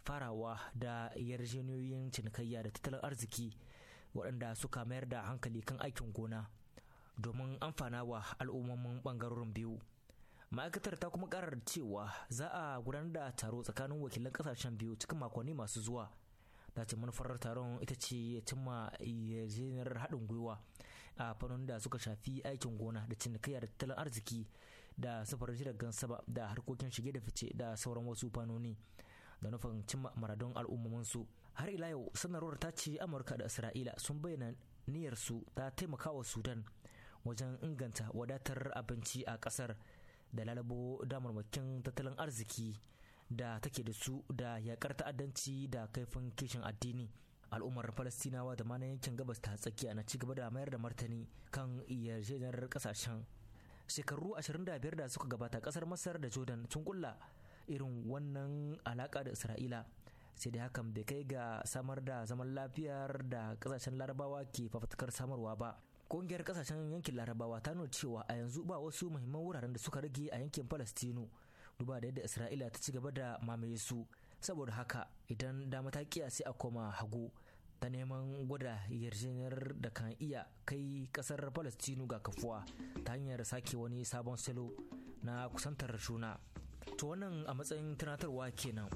farawa da yarjejeniyoyin cinikayya da tattalin arziki waɗanda suka mayar da hankali kan aikin gona domin amfana wa al'ummomin ɓangarorin biyu ma'aikatar ta kuma ƙarar cewa za a gudanar da taro tsakanin wakilan ƙasashen biyu cikin makonni masu zuwa dace manufar taron ita ce ya cimma yarjejeniyar haɗin gwiwa a fannin da suka shafi aikin gona da cinikayya da tattalin arziki da safar jiragen sama da harkokin shige da fice da sauran wasu fanoni da nufin cimma maradun al'ummominsu har ila yau sanarwar ta ce amurka da isra'ila sun bayyana niyyarsu ta taimakawa sudan wajen inganta wadatar abinci a kasar da lalabo damarmakin tattalin arziki da take da su da yakar ta'addanci da kaifin kishin addini al'ummar falastinawa da mana yankin gabas ta tsakiya na ci gaba da mayar da martani kan yarjejeniyar kasashen shekaru 25 da suka gabata kasar masar da jordan sun kulla irin wannan alaƙa da isra'ila sai dai hakan bai kai ga samar da zaman lafiyar da kasashen larabawa ke fafatakar samarwa ba kungiyar kasashen yankin larabawa ta nuna cewa a yanzu ba wasu muhimman wuraren da suka rage a yankin palestino duba da yadda isra'ila ta ci gaba da mamaye su saboda haka idan dama ta sai a koma hagu ta neman gwada yarjejeniyar da kan iya kai kasar palestino ga kafuwa ta hanyar sake wani sabon salo na kusantar juna. to wannan a matsayin tunatarwa kenan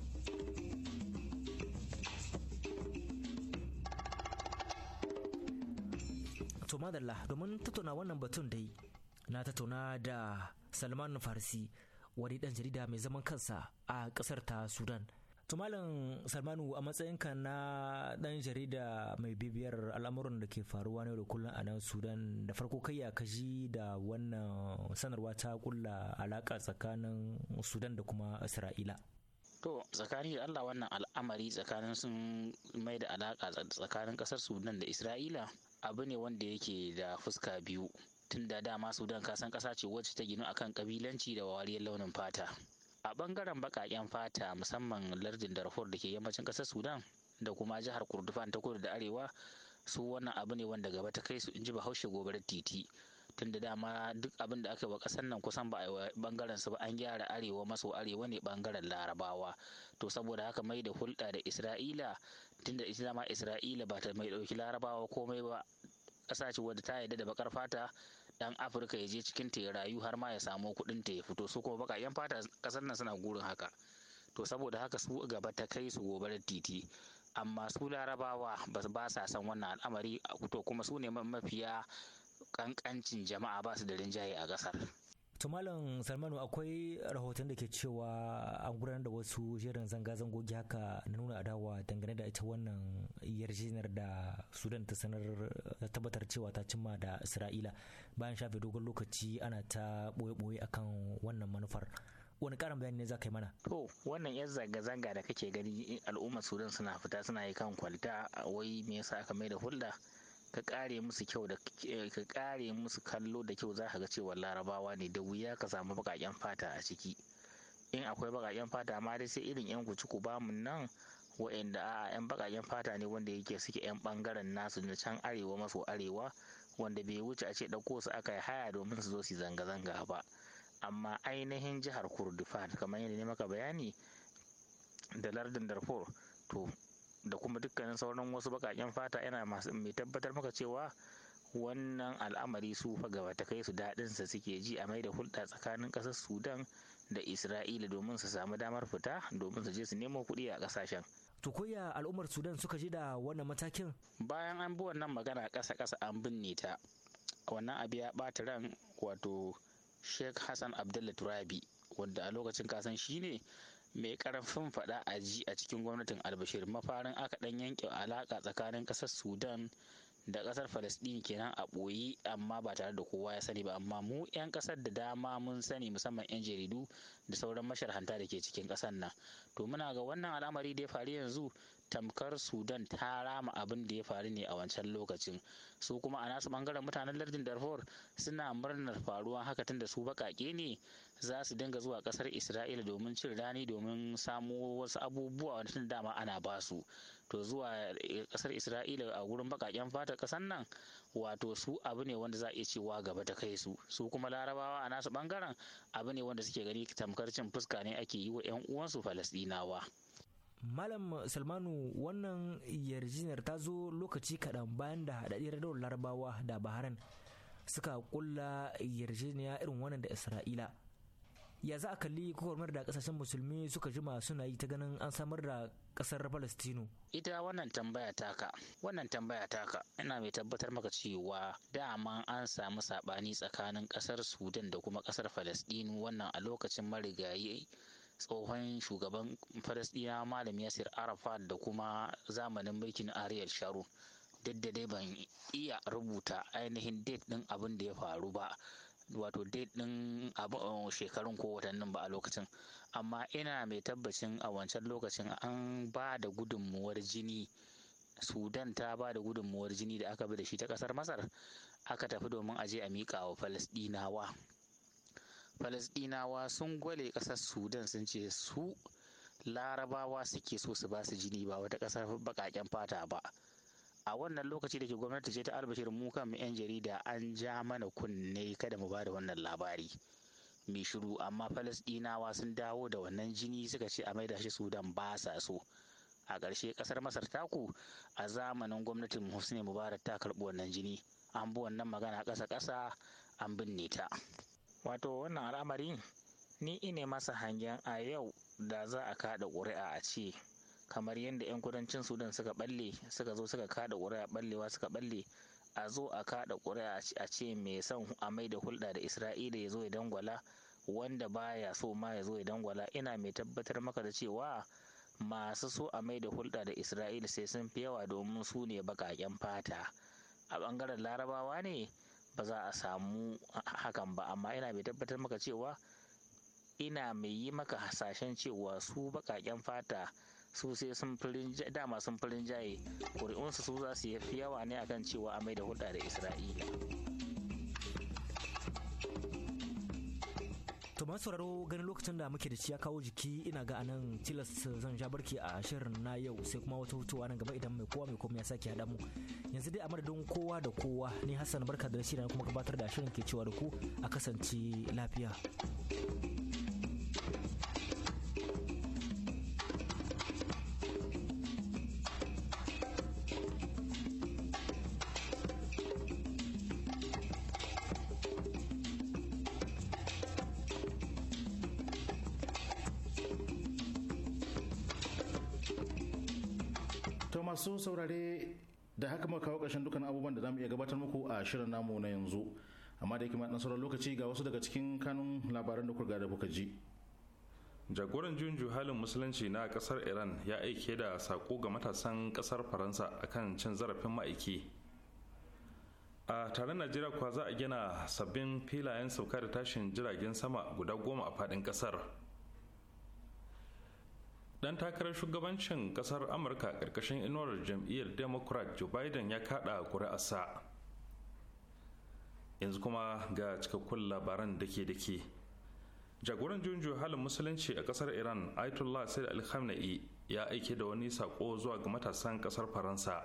to madalla domin tattauna wannan batun dai na tattauna da salman farsi wani dan jarida mai zaman kansa a kasar ta sudan Tumalin Salmanu a matsayinka na ɗan jarida mai bibiyar al'amuran da ke faruwa ne da kullum a nan Sudan da farko kai ya kaji da wannan sanarwa ta kulla alaƙa tsakanin Sudan da kuma Isra'ila. To tsakanin da Allah wannan al'amari tsakanin sun mai da alaƙa tsakanin ƙasar Sudan da Isra'ila abu ne wanda yake da fuska biyu. Tun da dama Sudan kasan ƙasa ce wacce ta ginu akan ƙabilanci da wariyar launin fata. a bangaren bakaken fata musamman lardin darfur da ke yammacin kasar sudan da kuma jihar kurdufan ta kudu da arewa su wannan abu ne wanda gaba ta kai su in ji bahaushe gobarar titi tun da dama duk abin da aka yi wa ƙasar nan kusan ba a yi bangaren su ba an gyara arewa maso arewa ne bangaren larabawa to saboda haka mai da hulɗa da isra'ila tun da ita dama isra'ila ba ta mai ɗauki larabawa komai ba ƙasa ce wadda ta yarda da bakar fata ɗan afirka ya je cikin ta ya rayu har ma ya samu kuɗin ta ya fito su kuma baka baƙaƙen fata ƙasar nan suna gurin haka to saboda haka su gaba ta kai su gobarar titi amma su larabawa ba sa son wannan al'amari to kuma su ne mafiya ƙanƙancin jama'a ba su da rinjaye a ƙasar. malam salmanu akwai rahoton da ke cewa an gudanar da wasu jerin zanga-zangogi haka na nuna adawa dangane da ita wannan yarjejeniyar da sudan ta sanar tabbatar cewa ta cimma da isra'ila bayan shafe dogon lokaci ana ta boye-boye akan wannan manufar wani karin bayani ne za ka yi mana to wannan yan zanga-zanga da kake gani al'ummar sudan suna fita suna yi kan kwalta wai me yasa aka mai da hulda ka kare musu kyau da eh, ka kare musu kallo da kyau za ka ga cewa larabawa ne da wuya ka samu baƙaƙen fata a ciki in akwai baƙaƙen fata ma dai sai irin yan kucuku bamu nan wa'anda a'a yan baƙaƙen fata ne wanda yake suke yan bangaren nasu na can arewa maso arewa wanda bai wuce a ce ɗauko su aka yi haya domin su zo su zanga-zanga ba amma ainihin jihar kurdufan kamar yadda ne maka bayani da lardin darfur to da kuma dukkanin sauran wasu bakaƙen fata yana mai tabbatar maka cewa wannan al'amari su fa kai su daɗin daɗinsa suke ji a mai da hulɗa tsakanin ƙasar sudan da isra'ila domin su samu damar fita domin su je su nemo kuɗi a ƙasashen tukuya al'ummar sudan suka ji da wannan matakin bayan an bi wannan magana ƙasa ƙasa an binne ta wannan abu ya ɓata ran wato sheikh hassan abdullah turabi wanda a lokacin kasan shi ne mai ƙarfin faɗa a ji a cikin gwamnatin albashir mafarin aka ɗan yanke alaƙa tsakanin ƙasar sudan da ƙasar falasɗin kenan a ɓoye amma ba tare da kowa ya sani ba amma mu 'yan ƙasar da dama mun sani musamman 'yan jaridu da sauran masharhanta da ke cikin ƙasar nan to muna ga wannan al'amari da ya faru yanzu tamkar sudan ta rama abin da ya faru ne a wancan lokacin su kuma a nasu bangaren mutanen lardin darfur suna murnar faruwa haka tunda su bakake ne za su dinga zuwa kasar isra'ila domin cin rani domin samo wasu abubuwa wanda tun dama ana basu to zuwa kasar eh, isra'ila a gurin bakaken fata kasan nan wato su abu ne wanda za a iya cewa gaba ta kai su su kuma larabawa a nasu bangaren abu ne wanda suke gani tamkar cin fuska ne ake yi wa 'yan uwansu falasɗinawa malam salmanu wannan yarjejeniyar ta zo lokaci kaɗan bayan da haɗaɗɗiyar daular larabawa da baharan suka kulla yarjejeniya irin wannan da isra'ila ya za a kalli gwagwarmar da kasashen musulmi suka jima suna yi ta ganin an samar da kasar palestino ita wannan tambaya taka wannan tambaya taka ina mai tabbatar maka cewa dama an samu saɓani tsakanin kasar sudan da kuma kasar palestino wannan a lokacin marigayi tsohon shugaban falasɗina malam yasir arafat da kuma zamanin mulkin ariel sharon duk da dai ban iya rubuta ainihin date ɗin abin da ya faru ba wato date ɗin uh, shekarun ko watannin ba a lokacin amma ina mai tabbacin a wancan lokacin an ba da gudunmuwar jini sudan ta ba da gudunmuwar jini da aka bi da shi ta ƙasar masar aka tafi domin aje a miƙa wa falasɗinawa falasɗinawa sun gwale ƙasar sudan sun ce su larabawa suke so su basu jini ba wata ƙasar baƙaƙen fata ba a wannan lokaci da ke gwamnati ce ta albashir mu kan mu 'yan jarida an ja mana kunne kada mu ba da wannan labari mai shiru amma falasɗinawa sun dawo da wannan jini suka ce a maida shi sudan ba sa so a ƙarshe ƙasar masar taku a zamanin gwamnatin husni mubarak ta karɓi wannan jini an bi wannan magana ƙasa-ƙasa an binne ta wato wannan al'amari ni ine masa hangen a yau da za a kada ƙuri'a a ce kamar yadda 'yan kudancin sudan suka balle suka zo suka kada ƙuri'a ballewa suka balle a zo a kada ƙuri'a a ce mai son a mai da hulɗa da isra'ila ya zo ya dangwala wanda baya so ma ya zo ya dangwala ina mai tabbatar maka da cewa masu so a mai da hulɗa da isra'ila sai sun fi yawa domin su ne baƙaƙen fata a ɓangaren larabawa ne ba za a samu hakan ba amma ina mai tabbatar maka cewa ina mai yi maka hasashen cewa su baƙaƙen fata su sai sun dama sun fi jaye ƙuri'unsu su za su yi yawa ne akan cewa amai da hulɗa da isra'ila masauraro ganin lokacin da muke da shi ya kawo jiki ina ga anan tilas zan sha barki a shirin na yau sai kuma wata hutuwa nan gaba idan mai kowa mai komai ya sake haɗa mu yanzu dai a madadin kowa da kowa ni hassan barka da shirin kuma gabatar da shirin ke cewa da ku a kasance lafiya. a shirin namu na yanzu amma da kima nasarar lokaci ga wasu daga cikin kanun labaran da kurga da kuka ji jagoran junju halin musulunci na kasar iran ya aike da sako ga matasan kasar faransa akan cin zarafin ma'aiki a taron najeriya kuwa za a gina sabbin filayen sauka da tashin jiragen sama guda goma a fadin kasar dan takarar shugabancin kasar amurka karkashin inuwar jam'iyyar democrat joe biden ya kada kuri'arsa yanzu kuma ga cikakkun labaran da ke da ke jagoran junjo halin musulunci a kasar iran ayatollah said al khamenei ya aike da wani sako zuwa ga matasan kasar faransa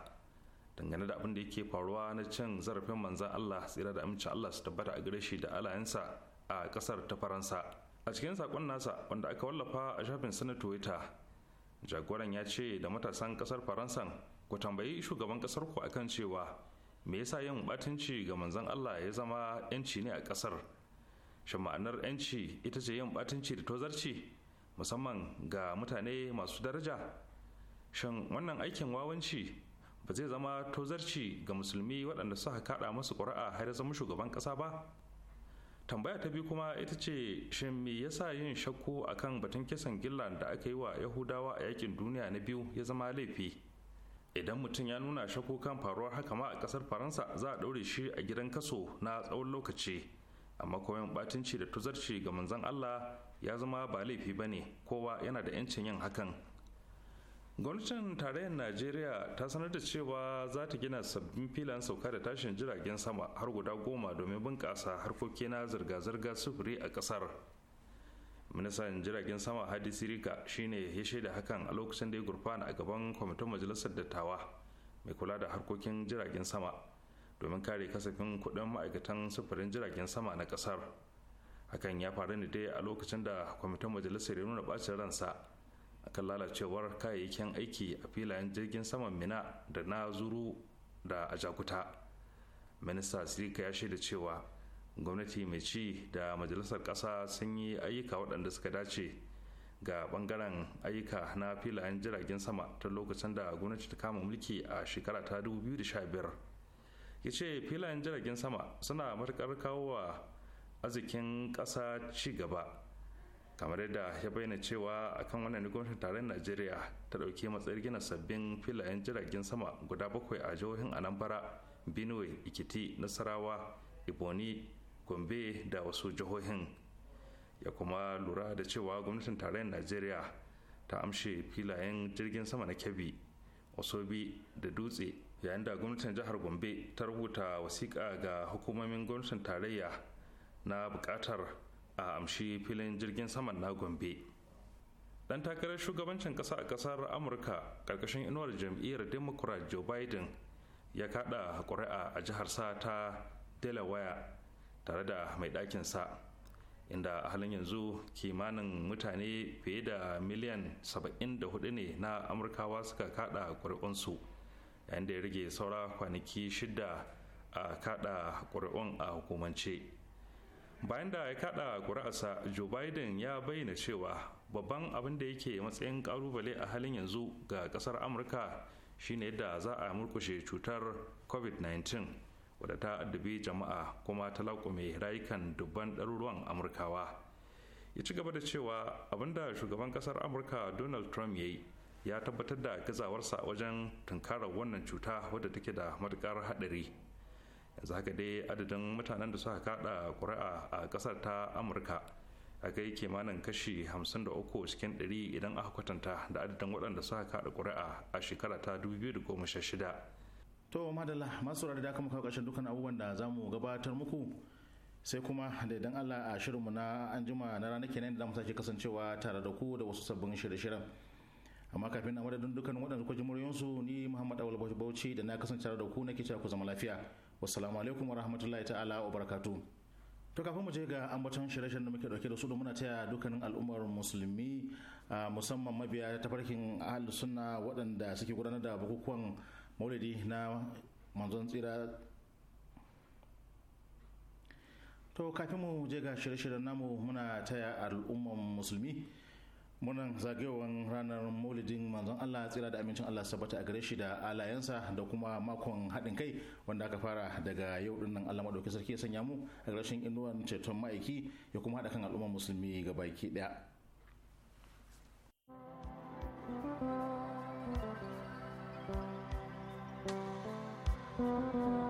dangane da abin da yake faruwa na cin zarafin manzan allah tsira da amincin allah su tabbata a gare shi da alayensa a kasar ta faransa a cikin sakon nasa wanda aka wallafa a shafin sana twitter jagoran ya ce da matasan kasar faransan ku tambayi shugaban kasar ku akan cewa me yasa yin batunci ga manzon Allah ya zama yanci ne a kasar shin ma'anar yanci ita ce yin batunci da tozarci musamman ga mutane masu daraja shin wannan aikin wawanci ba zai zama tozarci ga musulmi waɗanda suka kaɗa masu ƙuri'a har zama shugaban ƙasa ba tambaya ta biyu kuma ita ce shin me yasa yin shakku akan batun kisan gillan da aka yi wa yahudawa a yakin duniya na biyu ya zama laifi idan mutum ya nuna shakku kan faruwar haka ma a kasar faransa za a ɗaure shi a gidan kaso na tsawon lokaci amma koyon batinci da tuzarci ga manzon allah ya zama ba laifi ba ne kowa yana da 'yancin yin hakan gwamnatin tarayyar najeriya ta sanar da cewa za ta gina sabbin filan sauka da tashin jiragen sama har guda goma domin bunƙasa harkoki na zirga-zirga sufuri a ƙasar ministan jiragen sama hadi sirika shine ya shaida hakan a lokacin da ya gurfana a gaban kwamitin majalisar dattawa mai kula da harkokin jiragen sama domin kare kasafin kuɗin ma'aikatan sufurin jiragen sama na kasar hakan ya faru ne dai a lokacin da kwamitin majalisar ya nuna ɓacin ransa akan lalacewar kayayyakin aiki a filayen jirgin saman mina da na zuru da ajakuta minista sirika ya shaida cewa gwamnati mai ci da majalisar ƙasa sun yi ayyuka waɗanda suka dace ga ɓangaren ayyuka na filayen jiragen sama ta lokacin da gwamnati ta kama mulki a shekara ta 2015 ya ce filayen jiragen sama suna matuƙar kawo wa arzikin ƙasa ci gaba kamar yadda ya bayyana cewa akan wannan gwamnatin tarayyar najeriya ta ɗauki matsayin gina sabbin filayen jiragen sama guda bakwai a jihohin anambara benue ikiti nasarawa ibonyi gombe da wasu jihohin ya kuma lura da cewa gwamnatin tarayyar najeriya ta amshe filayen jirgin sama na kebbi osobi da dutse yayin da gwamnatin jihar gombe ta rubuta wasiƙa ga hukumomin gwamnatin tarayya na buƙatar a amshi filin jirgin saman na gombe ɗan takarar shugabancin ƙasa a ƙasar amurka ƙarƙashin inuwar jam'iyyar democrat joe biden ya kaɗa ƙuri'a a jihar sa ta delaware tare da mai ɗakin sa inda a halin yanzu kimanin mutane fiye da miliyan 74 ne na amurkawa suka kada ƙuri'unsu yayin da ya rage saura kwanaki shida a kada ƙuri'un a hukumance bayan da ya kada ƙuri'arsa joe biden ya bayyana cewa babban abin da yake matsayin ƙalubale a halin yanzu ga ƙasar amurka shine yadda za a murkushe cutar covid-19 wadda ta addabi jama'a kuma ta laƙume rayukan dubban ɗaruruwan amurkawa ya ci gaba da cewa abinda shugaban ƙasar amurka donald trump ya yi ya tabbatar da gazawarsa wajen tunkarar wannan cuta wadda take da matuƙar haɗari yanzu haka dai adadin mutanen da suka kaɗa ƙuri'a a ƙasar ta amurka a kai kimanin kashi 53 cikin 100 idan aka kwatanta da adadin waɗanda suka kaɗa ƙuri'a a shekara ta 2016 to madalla masu da kuma kawo ƙarshen dukkan abubuwan da za mu gabatar muku sai kuma da idan allah a shirinmu na anjima na ranar kenan da za mu sake kasancewa tare da ku da wasu sabbin shirye-shiryen amma kafin na madadin dukkan waɗanda kuka ji muryoyinsu ni muhammad awal bauchi da na kasance tare da ku nake cewa ku zama lafiya wassalamu alaikum wa rahmatullahi ta'ala wa barakatu to kafin mu je ga ambaton shirye-shiryen da muke dauke da su da muna taya dukkanin al'ummar musulmi musamman mabiya ta farkin ahlus sunna waɗanda suke gudanar da bukukuwan maulidi na manzon tsira to kafin mu je ga shirye-shiryen namu muna taya al'umman musulmi muna zagayowar ranar maulidin manzon Allah tsira da amincin Allah sabata a gare shi da alayensa da kuma makon haɗin kai wanda aka fara daga yau dinnan Allah madaukakin sarki ya sanya mu a ƙarshen inuwan ceton ma'aiki ya kuma haɗa kan al'umman musulmi baki ɗaya Thank you.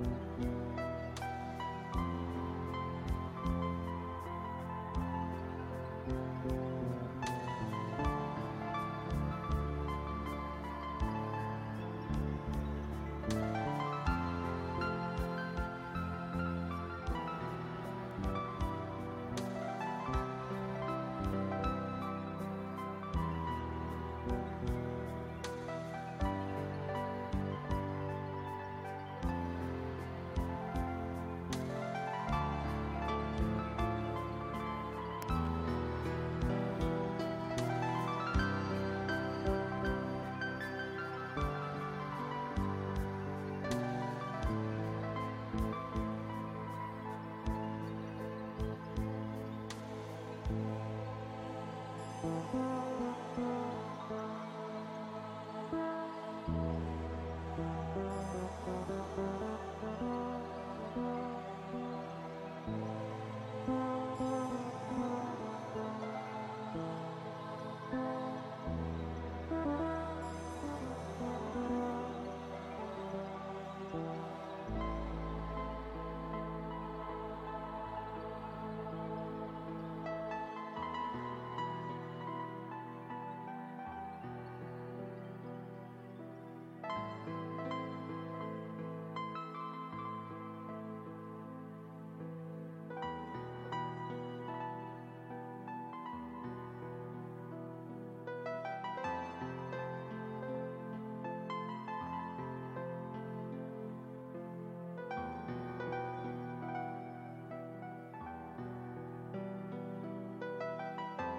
Thank you.